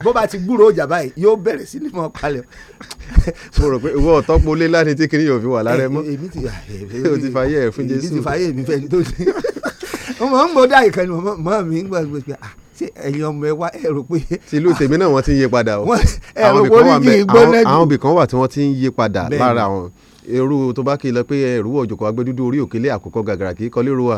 bó bá ti gbúròó ìjà báyìí yóò bẹ̀rẹ̀ sí ni mo palẹ̀. mo rò pé ìwọ ọ̀tọ́ po lé láti tí kiri yóò fi wà lárẹ́ mọ́ o ti fàyè ẹ̀ fún jésù. èmi ti fàyè mi fẹ́ tó ti mo ń gbọ́dọ̀ àyíká ni mo mi ń gbọ́dọ̀ pé ah, ṣé ẹ̀yin ọmọ ẹ wá ẹ rò pé. tìlú tèmi náà wọ́n ti ń yí padà o àwọn ibìkan wà tí wọ́n ti ń yí padà lára àwọn ẹrú tó bá kí i lọ pé ẹrú òjòkó agbẹdúdú orí òkèlè àkókò gàgàrà kì í kọ lérò wa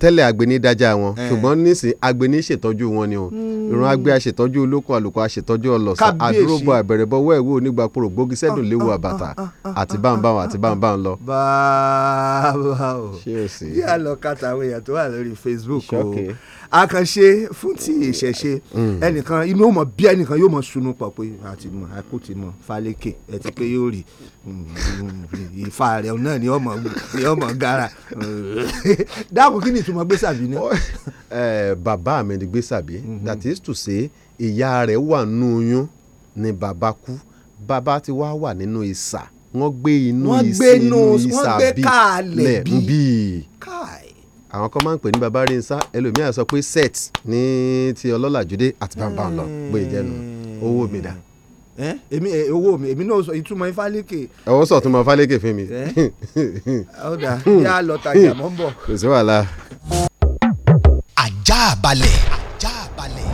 tẹ́lẹ̀ àgbẹ̀ni dájà wọn ṣùgbọ́n nísìn àgbẹ̀ni ṣètọ́jú wọn ni o hmm. ìrún àgbẹ̀ aṣètọ́jú olóko àlùkò aṣètọ́jú ọlọ́sà àdúrógbò àbẹ̀rẹ̀bọ wẹ́ẹ̀wò nígbà poro gbógi sẹ́dùn ah, léwu ah, àbàtà ah, àti báńbáwọn àti báńbáwọn lọ. báà báà o ṣé o sì. yíyá lọ kàtàwé yàtọ̀ wà lórí Facebook o àkànṣe fún ti ìṣẹ̀ṣe mm. ẹnìkan inú mọ̀ bí ẹnìkan yóò mọ̀ sunu pọ̀ pé àti mọ̀ àkó ti mọ̀ falẹ́kẹ̀ ẹ ti pé yóò rí mm, mm, ìfà rẹ̀ náà ni ọmọ ọmọ gara [laughs] dákun kí ni ìtumọ̀ gbèsàbí ni. bàbá mi ni gbèsàbí mm-hmm. that is to say ìyá rẹ̀ wà nínú oyún ni bàbá kú bàbá ti wá wà nínú ìsà wọ́n gbé inú ìsà bíi lẹ̀ bíi àwọn kan máa ń pè ní baba rinsa ẹlòmíràn sọ pé set ní ti ọlọ́làjúdé àti bàbá lọ bóyá jẹ́ owó mi dà. èmi owó mi èmi náà ìtumọ̀ ifálékè. ẹ̀wọ́ sọ ìtumọ̀ ifálékè fún mi. ọ̀dà yà á lọ tajà mọ́ bọ̀. kò sí wàhálà. ajá balẹ̀. ajá balẹ̀.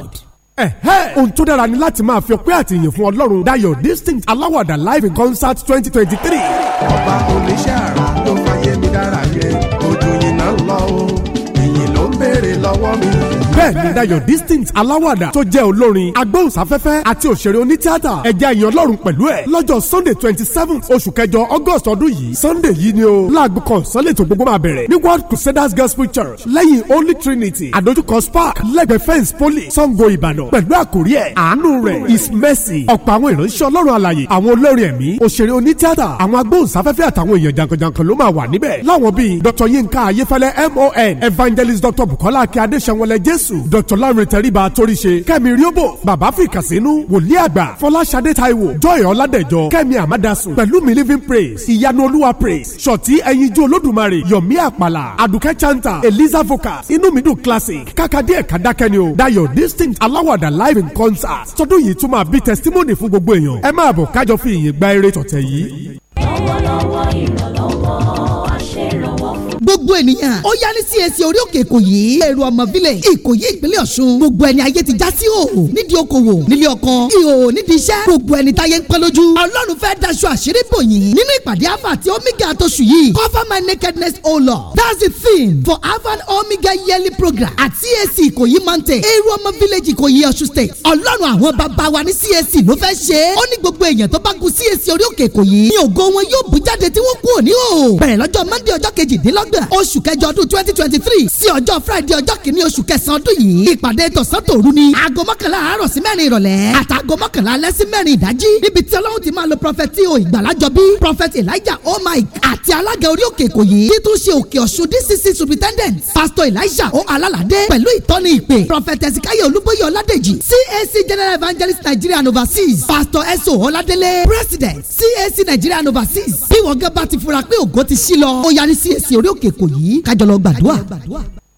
God. ẹ̀hẹ́ ohun tó dára ni láti máa fi ọpẹ́ àtìyìn fún ọlọ́run dayo distinct aláwàdà live in concert twenty twenty three. ọba oníṣẹ́ àrà ló fàyè mi dára yẹ ojú yìí náà lọ o èyí ló ń béèrè lọ́wọ́ mi bẹ́ẹ̀ ni Dayo Distinct aláwàdà tó jẹ́ olórin agbóhùnsáfẹ́fẹ́ àti òṣèré onítíátà ẹ̀jẹ̀ ìyàn lọ́rùn pẹ̀lú ẹ̀ lọ́jọ́ Sunday twenty seventh oṣù kẹjọ August ọdún yìí Sunday yìí ni o láago kan sọ́lẹ̀ tó gbogbo máa bẹ̀rẹ̀ ní World Crusaders Gospel Church lẹ́yìn Holy Trinity àdójúkọ Spark lẹ́gbẹ̀ẹ́ fẹ́ǹsì poli Sango Ìbàdàn pẹ̀lú àkórí ẹ̀ àánú rẹ̀ is mercy ọ̀pọ̀ àwọn ìránṣẹ́ Ọlọ́run alàyè àwọn olórin ẹ̀mí òṣèré onítíátà àwọn agbóhùnsáfẹ́fẹ́ àtàwọn èèyàn jàǹkànjàǹkàn ló máa wà níbẹ̀ láwọn bíi Dr Yinka Ayefẹ́lẹ́ MON Evangelist Dr Bukola akíndéṣẹ́wọlẹ̀ Jésù jésù dr lawrence tẹríba àtòríṣe kẹ́mi riobo bàbá fìkàsínú wòlíì àgbà fọláṣadé taiwo joy ọládẹjọ kẹ́mi amadasun pẹ̀lú mi living praise ìyanu olúwa praise ṣọ̀tí ẹyinjú olódùmarè yomi àpàlà Aduke chanta eliza vocals inú mi dùn classic kákadé ẹ̀ka dákẹ́ni o dayo distinct aláwàdà live in concert tọdún yìí tún máa bí testimony fún gbogbo èèyàn ẹ máa bọ̀ kájọ fi ìyìn gba eré tọ̀tẹ̀ yìí. lọ́wọ́lọ́wọ́ ìrànlọ́wọ́ gbogbo ènìyàn ó yá ní CAC orí òkè ìkòyí èrò ọmọ village ìkòyí ìpínlẹ̀ ọ̀ṣun gbogbo ẹni ayé ti já sí òòhò nídìí okòwò nílé ọkàn ìhòòhò nídìí iṣẹ́ gbogbo ẹni táyé ń pẹ́ lójú ọlọ́run fẹ́ daṣọ àṣírí bò nínú ìpàdé afa àti omega àtọ̀sù yìí cover my nakedness o lord that's the thing for avan omega yearly program at CSC. ìkòyí mountain èrò ọmọ village ìkòyí ọ̀ṣun state ọlọ́run àwọn bàbá wa ní CAC ló fẹ́ ṣe é ó ní gbogbo èèyàn tó bá gun CAC orí òkè ìkòyí ní ògo wọn yóò december oṣù kẹjọ ọdún twenty twenty three sí ọjọ́ friday ọjọ́ kìíní oṣù kẹsàn-án ọdún yìí ìpàdé tọ̀sán tòru ni aago mọ́kànlá àárọ̀ sí mẹ́rin ìrọ̀lẹ́ àtàgọ́ mọ́kànlá alẹ́ sí mẹ́rin ìdájí níbi tí ọlọ́run ti máa lo prọfẹtì o ìgbàlájọ bí prọfẹtì elijah omaik àti alága orí òkè èkó yìí títún ṣe òkè ọ̀ṣun dcc superintendent pastor elijah o alalade pẹ̀lú ìtọ́ni ìpè prọfẹtì ẹ̀sìnkáyọ̀ olúbóyè ọládèjì cac general evangelist nigeria and overseas pastor eso ọládélé president cac nigeria and overseas bí wọ́n gẹ́gẹ́ bá ti fura pé ògo ti ṣí lọ ó yarí cac orí òkè òkè kò yìí kájọ lọ gbàdúrà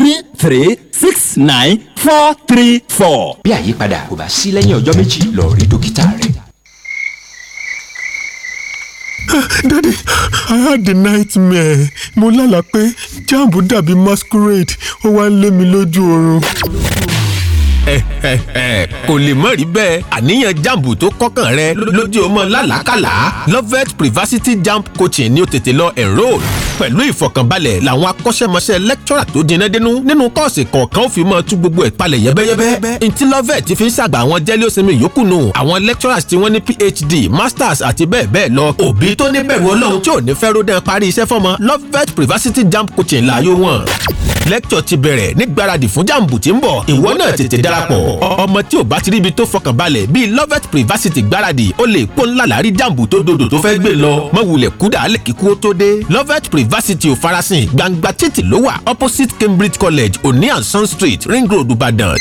three three six nine four three four. bí àyípadà kò bá sí lẹ́yìn ọjọ́ méjì lọ rí dókítà rẹ. Ah, Daddy, I had a nightmare. Mo lálàá pé jambu dàbí masquerade, ó wá ń lé mi lójú oorun kò lè mọ̀ rí bẹ́ẹ̀ àníyàn jambu tó kọ́kàn rẹ lójú ọmọ làlákàlà Lovett privacy Jamb Coaching ni ó tètè lọ enroll pẹ̀lú ìfọ̀kànbalẹ̀ làwọn akọ́ṣẹ́mọṣẹ́ lẹ́kítọ́rà tó jiná dénú nínú kọ́ọ̀sì kọ̀ọ̀kan ó fi mọ tú gbogbo ẹ̀ palẹ̀ yẹ́bẹ́yẹ́bẹ́. ntilọ́vẹ̀ ti fi ń ṣàgbà àwọn jẹ́lí yòókù nù àwọn lecturers tí wọ́n ní phd masters àti bẹ́ẹ̀ bẹ́ẹ̀ lọ. òbí tó ní bẹ̀rù ọlọ́run tí ò ní fẹ́ jump coaching láàyò wọn lẹ́kítọ̀ yunifásitì ò farasin gbangba títì ló wà opposite Cambridge College òní and Sun Street Ring Road Ìbàdàn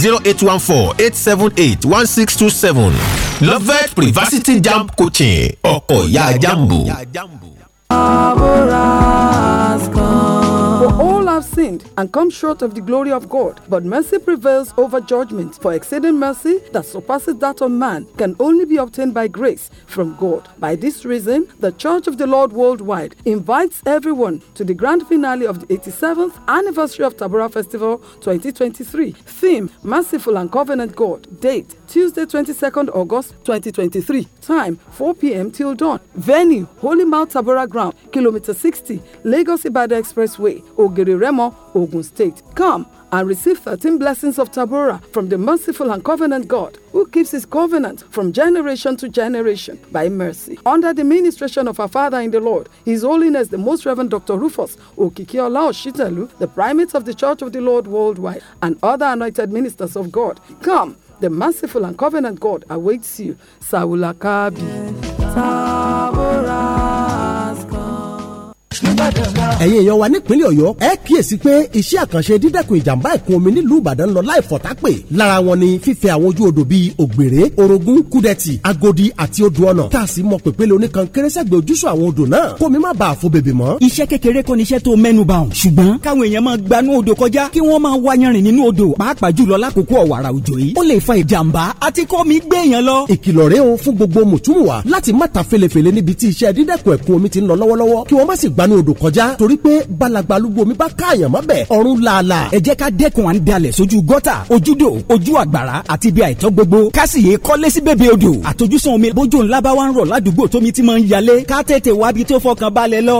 zero eight one four eight seven eight one six two seven Lovett Privacity Jam Coaching ọkọ̀ ìyá jambu. àbúrò. have sinned and come short of the glory of God, but mercy prevails over judgment, for exceeding mercy that surpasses that of man can only be obtained by grace from God. By this reason, the Church of the Lord worldwide invites everyone to the grand finale of the 87th anniversary of Tabora Festival 2023. Theme Merciful and Covenant God. Date Tuesday, 22nd August 2023. Time 4 p.m. till dawn. Venue Holy Mount Tabora Ground, Kilometer 60, Lagos Ibadan Expressway, Ogere Ogun State. Come and receive 13 blessings of Tabora from the merciful and covenant God who keeps his covenant from generation to generation by mercy. Under the ministration of our Father in the Lord, His Holiness the Most Reverend Dr. Rufus Okikiola Oshitalu, the Primate of the Church of the Lord worldwide, and other anointed ministers of God, come the merciful and covenant God awaits you. Saulakabi. Tabora. ẹ̀yin èèyàn wa nípínlẹ̀ ọ̀yọ́ ẹ kíyèsí pé iṣẹ́ àkànṣe dídẹ́kun ìjàmbá ìkún omi nílùú ìbàdàn lọ láì fọ̀tápè lára wọn ni fífẹ́ àwọn ojú odò bíi ògbèrè orogún kúdẹ̀tì agodi àti odò ọ̀nà tá a sì mọ pèpele oníkan kérésẹ́gbẹ̀ ojúṣọ àwọn odò náà kó mi má bàa fo bèbè mọ́. iṣẹ́ kékeré kọ́ ni iṣẹ́ tó mẹ́nu bà ọ̀hún ṣùgbọ́n káwọn èèyàn máa gbanú odò kọjá kí wọ́n máa wá yanrìn nínú o fún gbogbo mùtúmùwà láti má ta felefele níbi tí iṣẹ́ dídẹ́kun ẹ̀kún omi ti ń gbanú odò kọjá torí pé balagba arúgbó mi bá káàyàn mọ́bẹ̀ ọ̀run làálà. ẹ jẹ́ ká dẹ́kun à ń dalẹ̀ sójú gọ́tà ojúdò ojú àgbàrá àti ibi àìtọ́ gbogbo kásìyè kọ́lé sí bèbè odò àtojúsàn omi bójú ńlá bá wà ń rọ̀ ládùúgbò tómi ti máa ń yalé ká tètè wábi tó fọkàn balẹ̀ lọ.